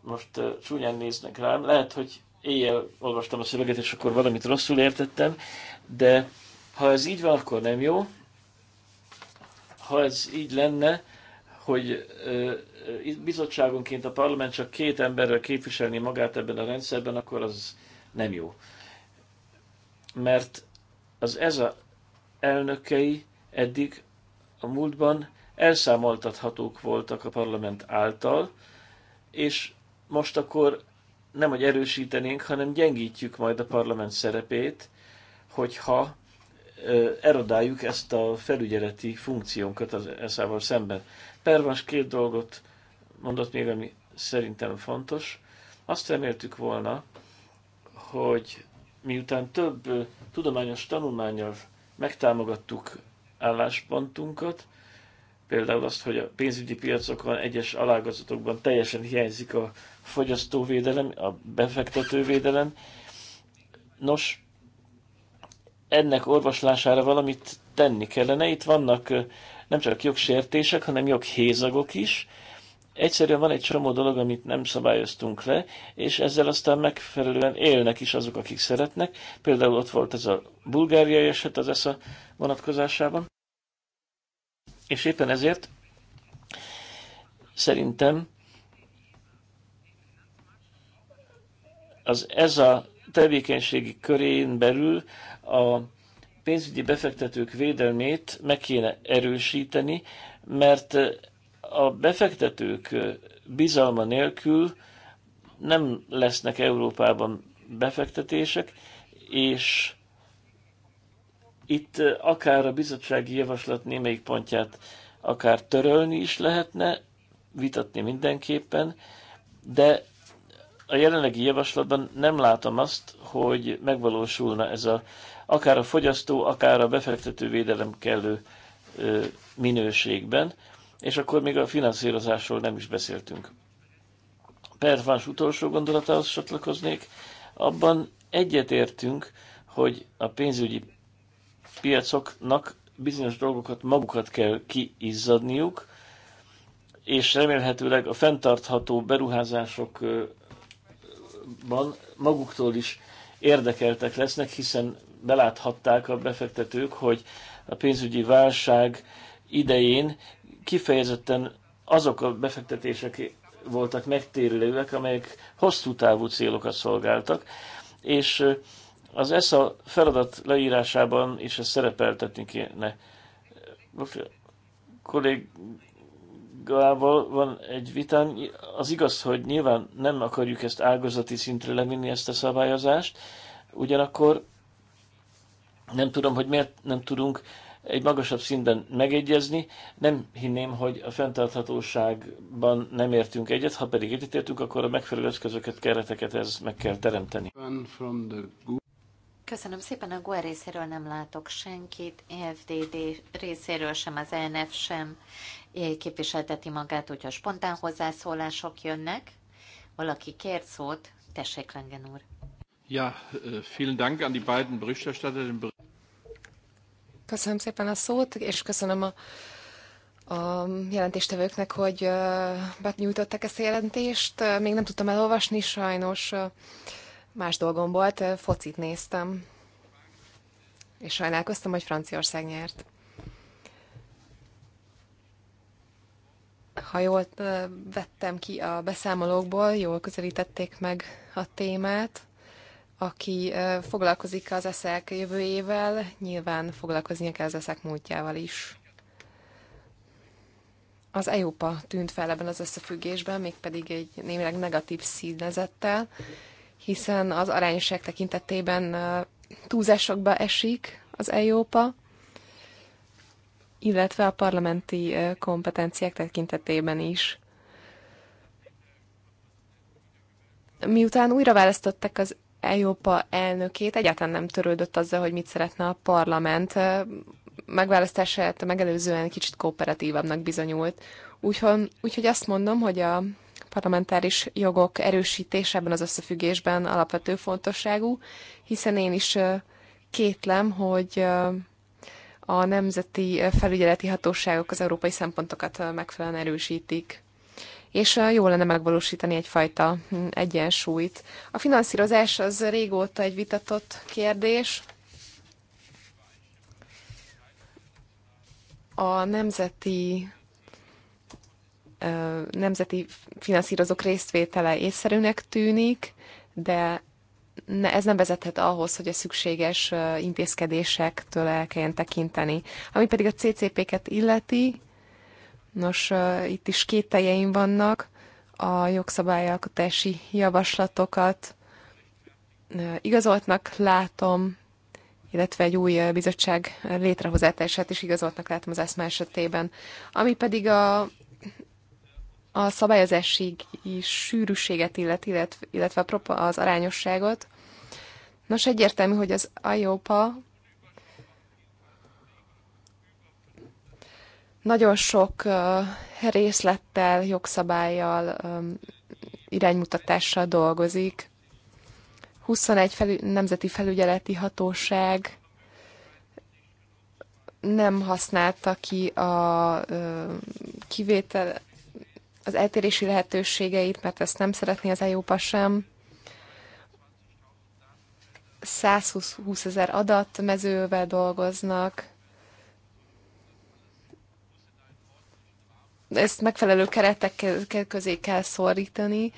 most csúnyán néznek rám, lehet, hogy éjjel olvastam a szöveget, és akkor valamit rosszul értettem, de ha ez így van, akkor nem jó. Ha ez így lenne, hogy bizottságonként a parlament csak két emberrel képviselni magát ebben a rendszerben, akkor az nem jó. Mert az ez a elnökei eddig a múltban elszámoltathatók voltak a parlament által, és most akkor nem, hogy erősítenénk, hanem gyengítjük majd a parlament szerepét, hogyha erodáljuk ezt a felügyeleti funkciónkat az eszával szemben. Pervas két dolgot mondott még, ami szerintem fontos. Azt reméltük volna, hogy miután több tudományos tanulmányal megtámogattuk álláspontunkat, például azt, hogy a pénzügyi piacokon egyes alágazatokban teljesen hiányzik a fogyasztóvédelem, a befektetővédelem. Nos, ennek orvoslására valamit tenni kellene. Itt vannak nem csak jogsértések, hanem joghézagok is. Egyszerűen van egy csomó dolog, amit nem szabályoztunk le, és ezzel aztán megfelelően élnek is azok, akik szeretnek. Például ott volt ez a bulgáriai eset az ESZA vonatkozásában. És éppen ezért szerintem az ez a tevékenységi körén belül a pénzügyi befektetők védelmét meg kéne erősíteni, mert a befektetők bizalma nélkül nem lesznek Európában befektetések, és itt akár a bizottsági javaslat némelyik pontját akár törölni is lehetne, vitatni mindenképpen, de a jelenlegi javaslatban nem látom azt, hogy megvalósulna ez a akár a fogyasztó, akár a befektető védelem kellő minőségben, és akkor még a finanszírozásról nem is beszéltünk. Pervans utolsó gondolatához csatlakoznék, abban egyetértünk, hogy a pénzügyi piacoknak bizonyos dolgokat magukat kell kiizzadniuk, és remélhetőleg a fenntartható beruházásokban maguktól is érdekeltek lesznek, hiszen beláthatták a befektetők, hogy a pénzügyi válság idején kifejezetten azok a befektetések voltak megtérülőek, amelyek hosszú távú célokat szolgáltak, és az ESZA feladat leírásában is ezt szerepeltetni kéne. Most kollégával van egy vitám. Az igaz, hogy nyilván nem akarjuk ezt ágazati szintre levinni, ezt a szabályozást, ugyanakkor nem tudom, hogy miért nem tudunk egy magasabb szinten megegyezni. Nem hinném, hogy a fenntarthatóságban nem értünk egyet, ha pedig egyetértünk, akkor a megfelelő eszközöket, kereteket ez meg kell teremteni. Köszönöm szépen, a GUE részéről nem látok senkit, EFDD részéről sem, az ENF sem képviselteti magát, úgyhogy spontán hozzászólások jönnek. Valaki kért szót, tessék Lengen úr. Ja, vielen Dank an die beiden Berichterstatter. Köszönöm szépen a szót, és köszönöm a a jelentéstevőknek, hogy benyújtottak ezt a jelentést. Még nem tudtam elolvasni, sajnos Más dolgom volt, focit néztem, és sajnálkoztam, hogy Franciaország nyert. Ha jól vettem ki a beszámolókból, jól közelítették meg a témát, aki foglalkozik az eszek jövőjével, nyilván foglalkoznia kell az eszek múltjával is. Az EUPA tűnt fel ebben az összefüggésben, mégpedig egy némileg negatív színezettel, hiszen az arányosság tekintetében túlzásokba esik az EIOPA, illetve a parlamenti kompetenciák tekintetében is. Miután újra választották az EIOPA elnökét, egyáltalán nem törődött azzal, hogy mit szeretne a parlament. Megválasztását megelőzően kicsit kooperatívabbnak bizonyult. Úgyhogy, úgyhogy azt mondom, hogy a parlamentáris jogok erősítése ebben az összefüggésben alapvető fontosságú, hiszen én is kétlem, hogy a nemzeti felügyeleti hatóságok az európai szempontokat megfelelően erősítik. És jó lenne megvalósítani egyfajta hm, egyensúlyt. A finanszírozás az régóta egy vitatott kérdés. A nemzeti nemzeti finanszírozók résztvétele észszerűnek tűnik, de ne, ez nem vezethet ahhoz, hogy a szükséges intézkedésektől el kelljen tekinteni. Ami pedig a CCP-ket illeti, nos, itt is kételjeim vannak, a jogszabályalkotási javaslatokat igazoltnak látom, illetve egy új bizottság létrehozását is igazoltnak látom az eszme esetében. Ami pedig a a szabályozási sűrűséget illet, illetve az arányosságot. Nos, egyértelmű, hogy az IOPA nagyon sok részlettel, jogszabályjal, iránymutatással dolgozik. 21 felü- nemzeti felügyeleti hatóság nem használta ki a kivétel, az eltérési lehetőségeit, mert ezt nem szeretné az EIOPA sem. 120 ezer adat mezővel dolgoznak. Ezt megfelelő keretek közé kell szorítani,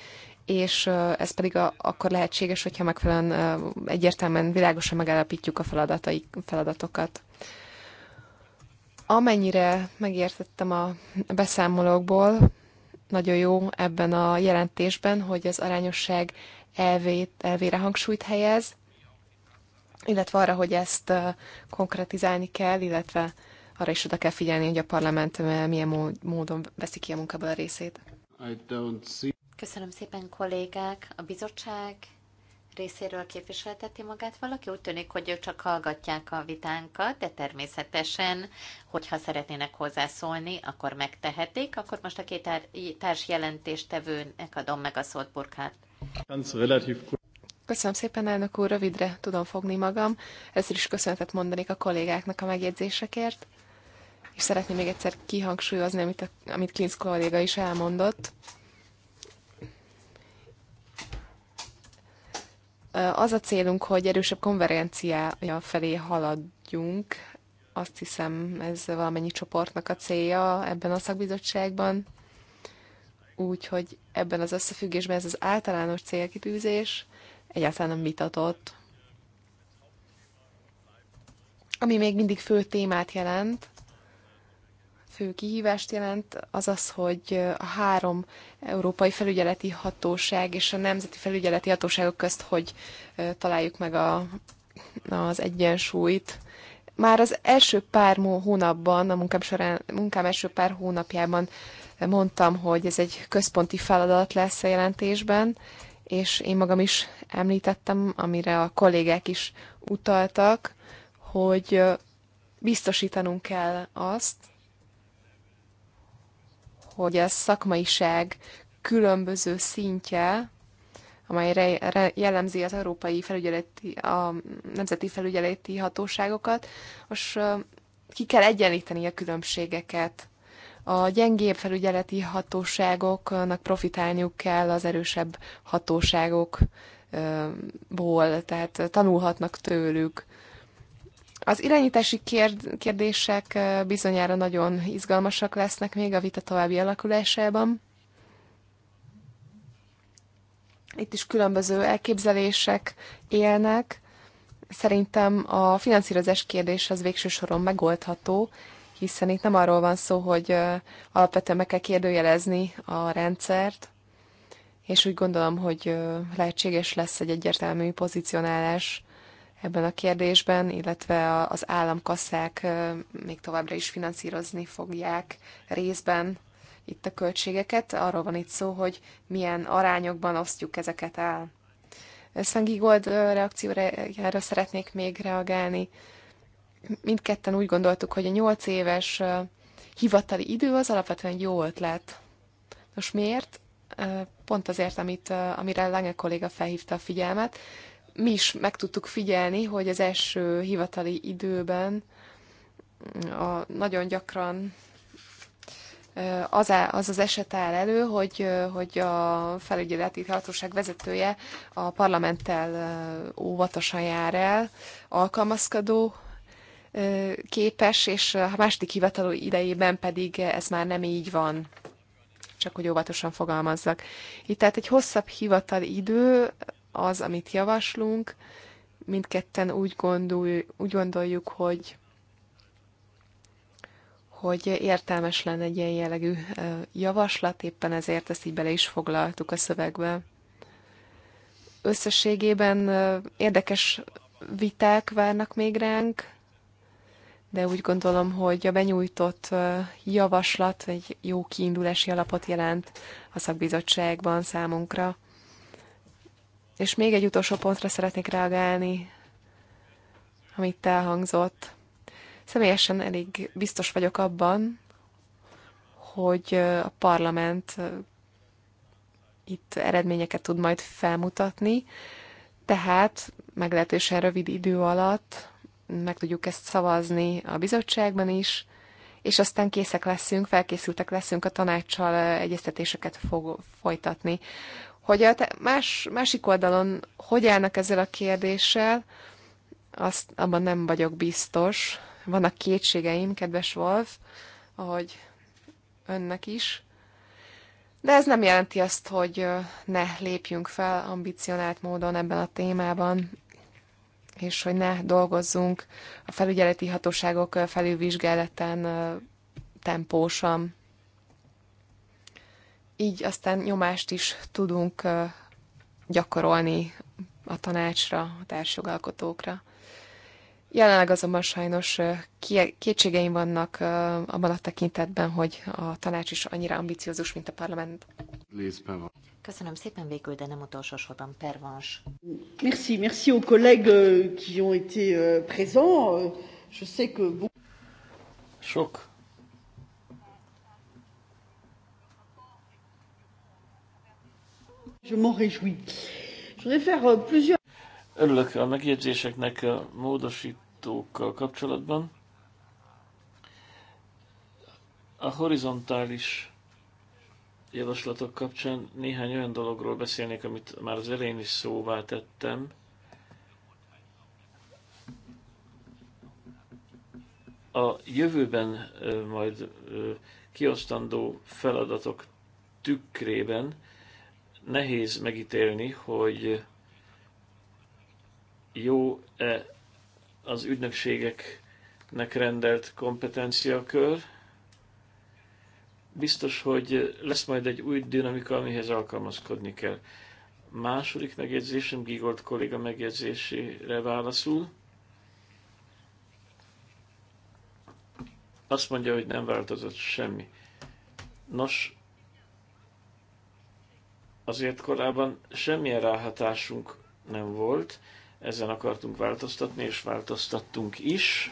és ez pedig a, akkor lehetséges, hogyha megfelelően egyértelműen világosan megállapítjuk a feladatai, feladatokat. Amennyire megértettem a beszámolókból, nagyon jó ebben a jelentésben, hogy az arányosság elvét, elvére hangsúlyt helyez, illetve arra, hogy ezt konkretizálni kell, illetve arra is oda kell figyelni, hogy a parlament milyen módon veszi ki a munkából a részét. Köszönöm szépen, kollégák! A bizottság részéről képviselteti magát valaki. Úgy tűnik, hogy ők csak hallgatják a vitánkat, de természetesen, hogyha szeretnének hozzászólni, akkor megtehetik. Akkor most a két társ jelentéstevőnek adom meg a szót, Burkhát. Köszönöm szépen, elnök úr, rövidre tudom fogni magam. Ezzel is köszönetet mondanék a kollégáknak a megjegyzésekért. És szeretném még egyszer kihangsúlyozni, amit, a, amit Klinsz kolléga is elmondott Az a célunk, hogy erősebb konverenciája felé haladjunk. Azt hiszem, ez valamennyi csoportnak a célja ebben a szakbizottságban. Úgyhogy ebben az összefüggésben ez az általános célkitűzés egyáltalán nem vitatott. Ami még mindig fő témát jelent, fő kihívást jelent, az az, hogy a három európai felügyeleti hatóság és a nemzeti felügyeleti hatóságok közt, hogy találjuk meg a, az egyensúlyt. Már az első pár hónapban, a munkám, során, munkám első pár hónapjában mondtam, hogy ez egy központi feladat lesz a jelentésben, és én magam is említettem, amire a kollégák is utaltak, hogy biztosítanunk kell azt, hogy a szakmaiság különböző szintje, amelyre jellemzi az európai felügyeleti, a nemzeti felügyeleti hatóságokat, most ki kell egyenlíteni a különbségeket. A gyengébb felügyeleti hatóságoknak profitálniuk kell az erősebb hatóságokból, tehát tanulhatnak tőlük. Az irányítási kérdések bizonyára nagyon izgalmasak lesznek még a vita további alakulásában. Itt is különböző elképzelések élnek. Szerintem a finanszírozás kérdés az végső soron megoldható, hiszen itt nem arról van szó, hogy alapvetően meg kell kérdőjelezni a rendszert, és úgy gondolom, hogy lehetséges lesz egy egyértelmű pozicionálás ebben a kérdésben, illetve az államkasszák még továbbra is finanszírozni fogják részben itt a költségeket. Arról van itt szó, hogy milyen arányokban osztjuk ezeket el. Szangi Gold reakciójára szeretnék még reagálni. Mindketten úgy gondoltuk, hogy a nyolc éves hivatali idő az alapvetően jó ötlet. Most miért? Pont azért, amit, amire Lange kolléga felhívta a figyelmet, mi is meg tudtuk figyelni, hogy az első hivatali időben mm, a, nagyon gyakran az, az az eset áll elő, hogy, hogy a felügyeleti hatóság vezetője a parlamenttel óvatosan jár el, alkalmazkodó képes, és a második hivatalú idejében pedig ez már nem így van csak hogy óvatosan fogalmazzak. Itt tehát egy hosszabb hivatali idő az, amit javaslunk. Mindketten úgy, gondol, úgy gondoljuk, hogy hogy értelmes lenne egy ilyen jellegű javaslat, éppen ezért ezt így bele is foglaltuk a szövegbe. Összességében érdekes viták várnak még ránk, de úgy gondolom, hogy a benyújtott javaslat egy jó kiindulási alapot jelent a szakbizottságban számunkra. És még egy utolsó pontra szeretnék reagálni, amit elhangzott. Személyesen elég biztos vagyok abban, hogy a parlament itt eredményeket tud majd felmutatni, tehát meglehetősen rövid idő alatt meg tudjuk ezt szavazni a bizottságban is, és aztán készek leszünk, felkészültek leszünk a tanácssal egyeztetéseket fog, folytatni hogy a más, másik oldalon hogy állnak ezzel a kérdéssel, azt abban nem vagyok biztos. Vannak kétségeim, kedves Wolf, ahogy önnek is. De ez nem jelenti azt, hogy ne lépjünk fel ambicionált módon ebben a témában, és hogy ne dolgozzunk a felügyeleti hatóságok felülvizsgálatán tempósan így aztán nyomást is tudunk gyakorolni a tanácsra, a társjogalkotókra. Jelenleg azonban sajnos kétségeim vannak abban a tekintetben, hogy a tanács is annyira ambiciózus, mint a parlament. Köszönöm szépen végül, de nem utolsó sorban, Pervans. Merci, merci aux collègues euh, qui ont été euh, présents. Euh, je sais que... Sok Je m'en réjouis. Je voudrais faire euh, plusieurs... Örülök a megjegyzéseknek a módosítókkal kapcsolatban. A horizontális javaslatok kapcsán néhány olyan dologról beszélnék, amit már az elején is szóvá tettem. A jövőben majd kiosztandó feladatok tükrében nehéz megítélni, hogy jó-e az ügynökségeknek rendelt kompetenciakör. Biztos, hogy lesz majd egy új dinamika, amihez alkalmazkodni kell. Második megjegyzésem Gigolt kolléga megjegyzésére válaszul. Azt mondja, hogy nem változott semmi. Nos, azért korábban semmilyen ráhatásunk nem volt, ezen akartunk változtatni, és változtattunk is.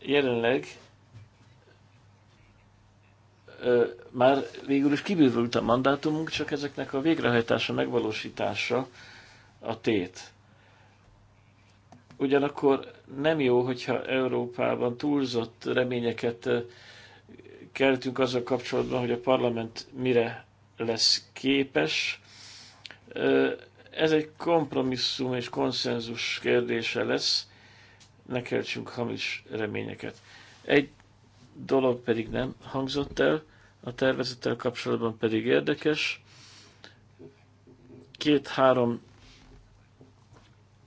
Jelenleg ö, már végül is kibővült a mandátumunk, csak ezeknek a végrehajtása, megvalósítása a tét. Ugyanakkor nem jó, hogyha Európában túlzott reményeket keltünk azzal kapcsolatban, hogy a parlament mire lesz képes. Ez egy kompromisszum és konszenzus kérdése lesz, ne keltsünk hamis reményeket. Egy dolog pedig nem hangzott el, a tervezettel kapcsolatban pedig érdekes. Két-három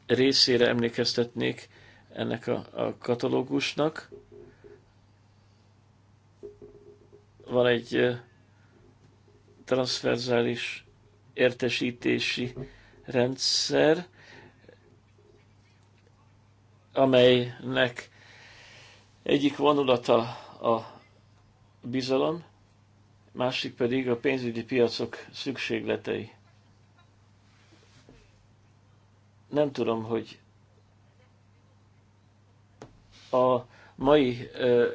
részére emlékeztetnék ennek a, a katalógusnak. van egy transzverzális értesítési rendszer, amelynek egyik vonulata a bizalom, másik pedig a pénzügyi piacok szükségletei. Nem tudom, hogy a mai ö,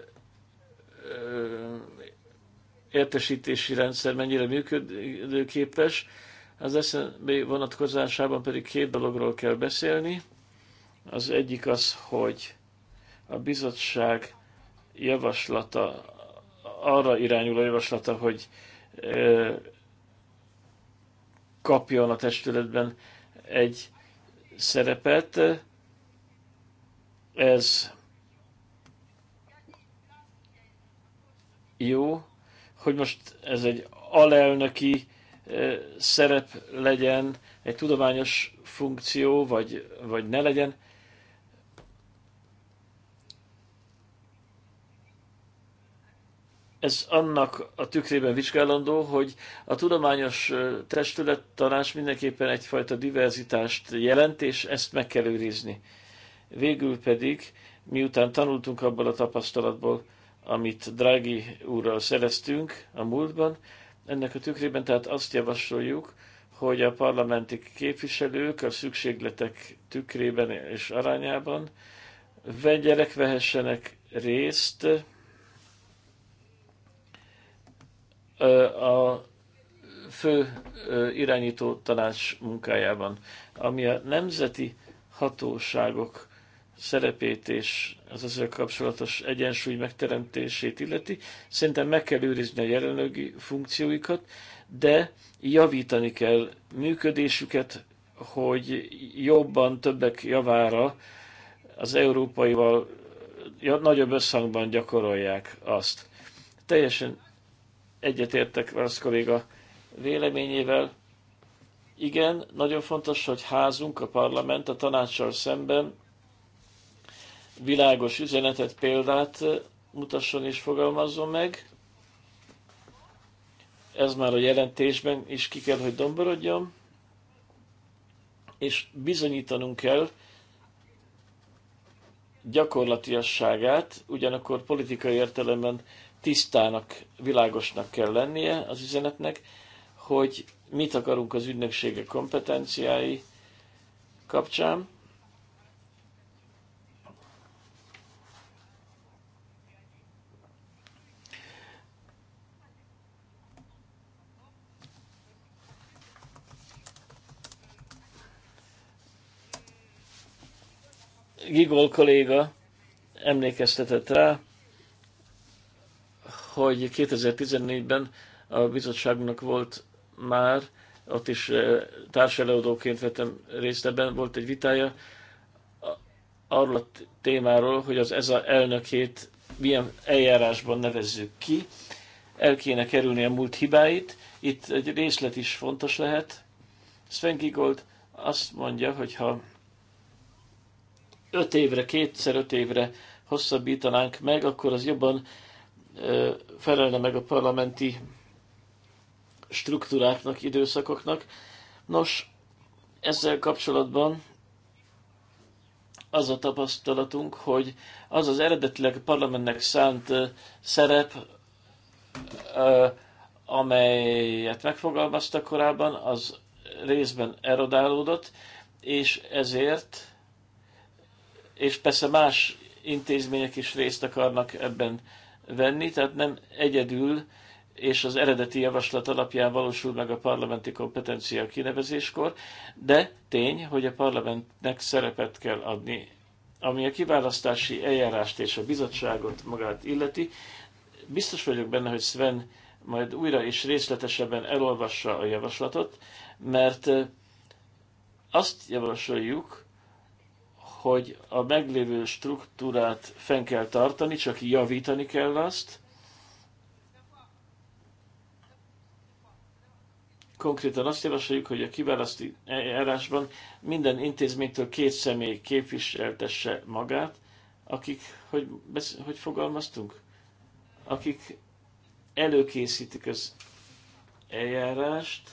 ö, értesítési rendszer mennyire működőképes. Az SZB vonatkozásában pedig két dologról kell beszélni. Az egyik az, hogy a bizottság javaslata, arra irányul a javaslata, hogy kapjon a testületben egy szerepet. Ez jó, hogy most ez egy alelnöki szerep legyen, egy tudományos funkció, vagy, vagy ne legyen. Ez annak a tükrében vizsgálandó, hogy a tudományos testület tanács mindenképpen egyfajta diverzitást jelent, és ezt meg kell őrizni. Végül pedig, miután tanultunk abból a tapasztalatból, amit Draghi úrral szereztünk a múltban. Ennek a tükrében tehát azt javasoljuk, hogy a parlamenti képviselők a szükségletek tükrében és arányában vegyerek, vehessenek részt a fő irányító tanács munkájában, ami a nemzeti hatóságok szerepét és az ezzel kapcsolatos egyensúly megteremtését illeti, szerintem meg kell őrizni a jelenlegi funkcióikat, de javítani kell működésüket, hogy jobban, többek javára az európaival nagyobb összhangban gyakorolják azt. Teljesen egyetértek Vász kolléga véleményével. Igen, nagyon fontos, hogy házunk, a parlament a tanácssal szemben világos üzenetet, példát mutasson és fogalmazzon meg. Ez már a jelentésben is ki kell, hogy domborodjon. És bizonyítanunk kell gyakorlatiasságát, ugyanakkor politikai értelemben tisztának, világosnak kell lennie az üzenetnek, hogy mit akarunk az ügynöksége kompetenciái kapcsán, Gigol kolléga emlékeztetett rá, hogy 2014-ben a bizottságnak volt már, ott is eh, társelőadóként vettem részt ebben, volt egy vitája arról a témáról, hogy az ez a elnökét milyen eljárásban nevezzük ki, el kéne kerülni a múlt hibáit. Itt egy részlet is fontos lehet. Sven Gigold azt mondja, hogy ha öt évre, kétszer öt évre hosszabbítanánk meg, akkor az jobban felelne meg a parlamenti struktúráknak, időszakoknak. Nos, ezzel kapcsolatban az a tapasztalatunk, hogy az az eredetileg parlamentnek szánt szerep, amelyet megfogalmaztak korábban, az részben erodálódott, és ezért és persze más intézmények is részt akarnak ebben venni, tehát nem egyedül és az eredeti javaslat alapján valósul meg a parlamenti kompetencia kinevezéskor, de tény, hogy a parlamentnek szerepet kell adni, ami a kiválasztási eljárást és a bizottságot magát illeti. Biztos vagyok benne, hogy Sven majd újra és részletesebben elolvassa a javaslatot, mert eh, azt javasoljuk, hogy a meglévő struktúrát fenn kell tartani, csak javítani kell azt. Konkrétan azt javasoljuk, hogy a kiválasztó eljárásban minden intézménytől két személy képviseltesse magát, akik, hogy, hogy fogalmaztunk? Akik előkészítik az eljárást.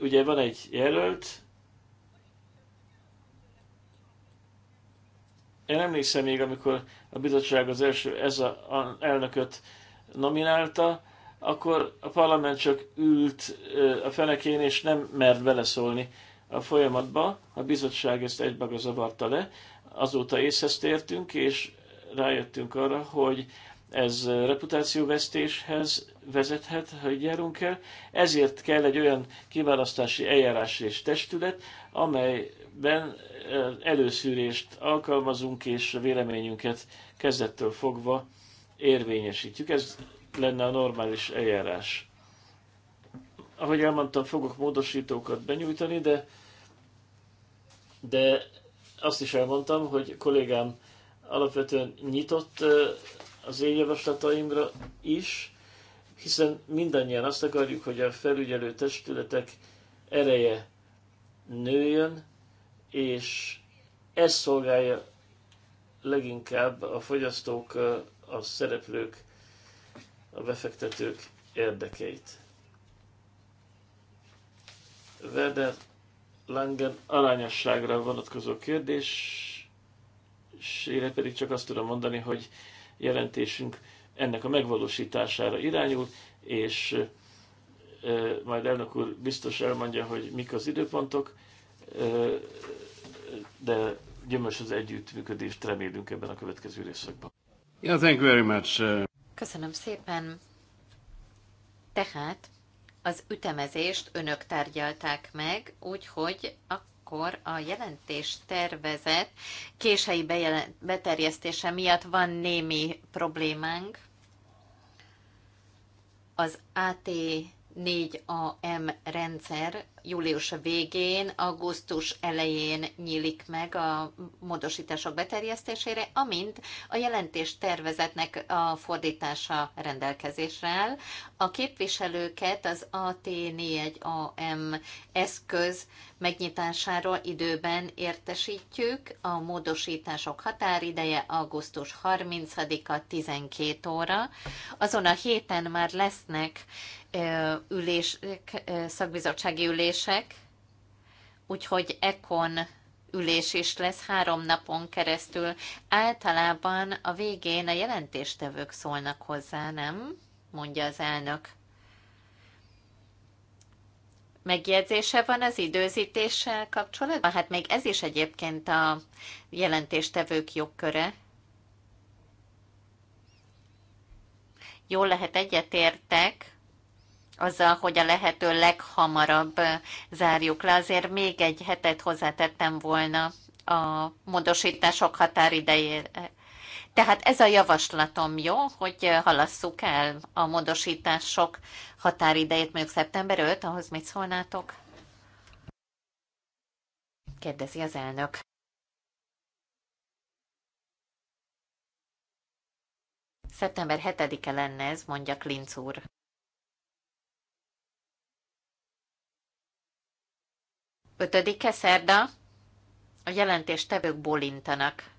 Ugye van egy jelölt, Én emlékszem még, amikor a bizottság az első ez a, a elnököt nominálta, akkor a parlament csak ült a fenekén, és nem mert beleszólni a folyamatba. A bizottság ezt egybaga zavarta le. Azóta észhez tértünk, és rájöttünk arra, hogy ez reputációvesztéshez vezethet, ha így járunk el. Ezért kell egy olyan kiválasztási eljárás és testület, amelyben előszűrést alkalmazunk, és a véleményünket kezdettől fogva érvényesítjük. Ez lenne a normális eljárás. Ahogy elmondtam, fogok módosítókat benyújtani, de, de azt is elmondtam, hogy kollégám alapvetően nyitott az én javaslataimra is, hiszen mindannyian azt akarjuk, hogy a felügyelő testületek ereje nőjön, és ez szolgálja leginkább a fogyasztók, a szereplők, a befektetők érdekeit. Werder Langen arányosságra vonatkozó kérdés, kérdésére pedig csak azt tudom mondani, hogy jelentésünk ennek a megvalósítására irányul, és majd elnök úr biztos elmondja, hogy mik az időpontok de gyümölcs az együttműködést remélünk ebben a következő részekben. Yeah, thank you very much. Uh, Köszönöm szépen. Tehát az ütemezést önök tárgyalták meg, úgyhogy akkor a jelentés tervezet késői bejelent, beterjesztése miatt van némi problémánk. Az AT 4AM rendszer július végén, augusztus elején nyílik meg a módosítások beterjesztésére, amint a jelentés tervezetnek a fordítása rendelkezésre áll. A képviselőket az AT4AM eszköz megnyitásáról időben értesítjük. A módosítások határideje augusztus 30-a 12 óra. Azon a héten már lesznek ülés, szakbizottsági ülések, úgyhogy ekon ülés is lesz három napon keresztül. Általában a végén a jelentéstevők szólnak hozzá, nem? mondja az elnök. Megjegyzése van az időzítéssel kapcsolatban? Hát még ez is egyébként a jelentéstevők jogköre. Jól lehet egyetértek, azzal, hogy a lehető leghamarabb eh, zárjuk le. Azért még egy hetet hozzátettem volna a módosítások határidejére. Tehát ez a javaslatom jó, hogy eh, halasszuk el a módosítások határidejét, mondjuk szeptember 5, ahhoz mit szólnátok? Kérdezi az elnök. Szeptember 7-e lenne ez, mondja Klinc úr. Ötödike szerda a jelentéstevők bolintanak.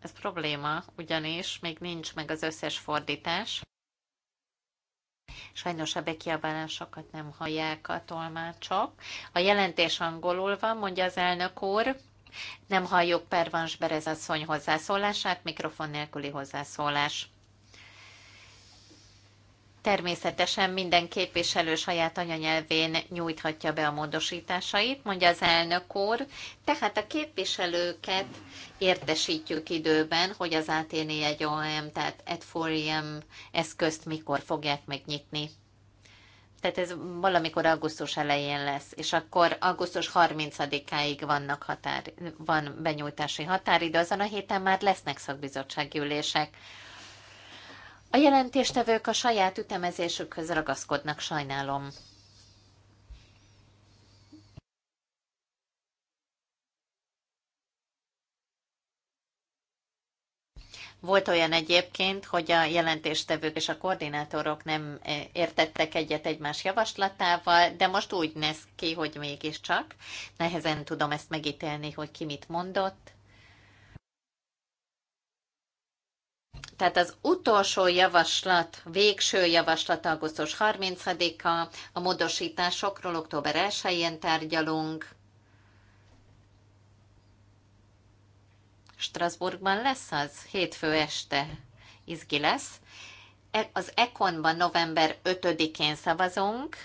Ez probléma, ugyanis még nincs meg az összes fordítás. Sajnos a bekiabálásokat nem hallják a tolmácsok. A jelentés angolul van, mondja az elnök úr. Nem halljuk Pervans Berez asszony hozzászólását, mikrofon nélküli hozzászólás. Természetesen minden képviselő saját anyanyelvén nyújthatja be a módosításait, mondja az elnök úr. Tehát a képviselőket értesítjük időben, hogy az ATN e egy OM, tehát Edforium e eszközt mikor fogják megnyitni. Tehát ez valamikor augusztus elején lesz, és akkor augusztus 30-áig vannak határ, van benyújtási határidő, azon a héten már lesznek szakbizottsági ülések. A jelentéstevők a saját ütemezésükhöz ragaszkodnak, sajnálom. Volt olyan egyébként, hogy a jelentéstevők és a koordinátorok nem e, értettek egyet egymás javaslatával, de most úgy néz ki, hogy mégiscsak. Nehezen tudom ezt megítélni, hogy ki mit mondott. Tehát az utolsó javaslat, végső javaslat augusztus 30-a, a módosításokról október 1-én tárgyalunk. Strasbourgban lesz az? Hétfő este izgi lesz. E, az Econban november 5-én szavazunk,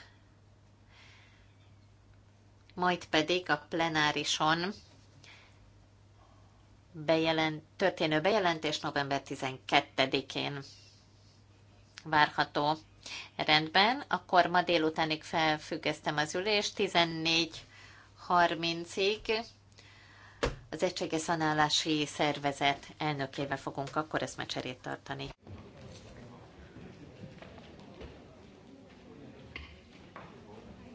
majd pedig a plenárison bejelent, történő bejelentés november 12-én várható. Rendben, akkor ma délutánig felfüggesztem az ülést 14.30-ig. Az egységes szanálási szervezet elnökével fogunk akkor ezt eszmecserét tartani.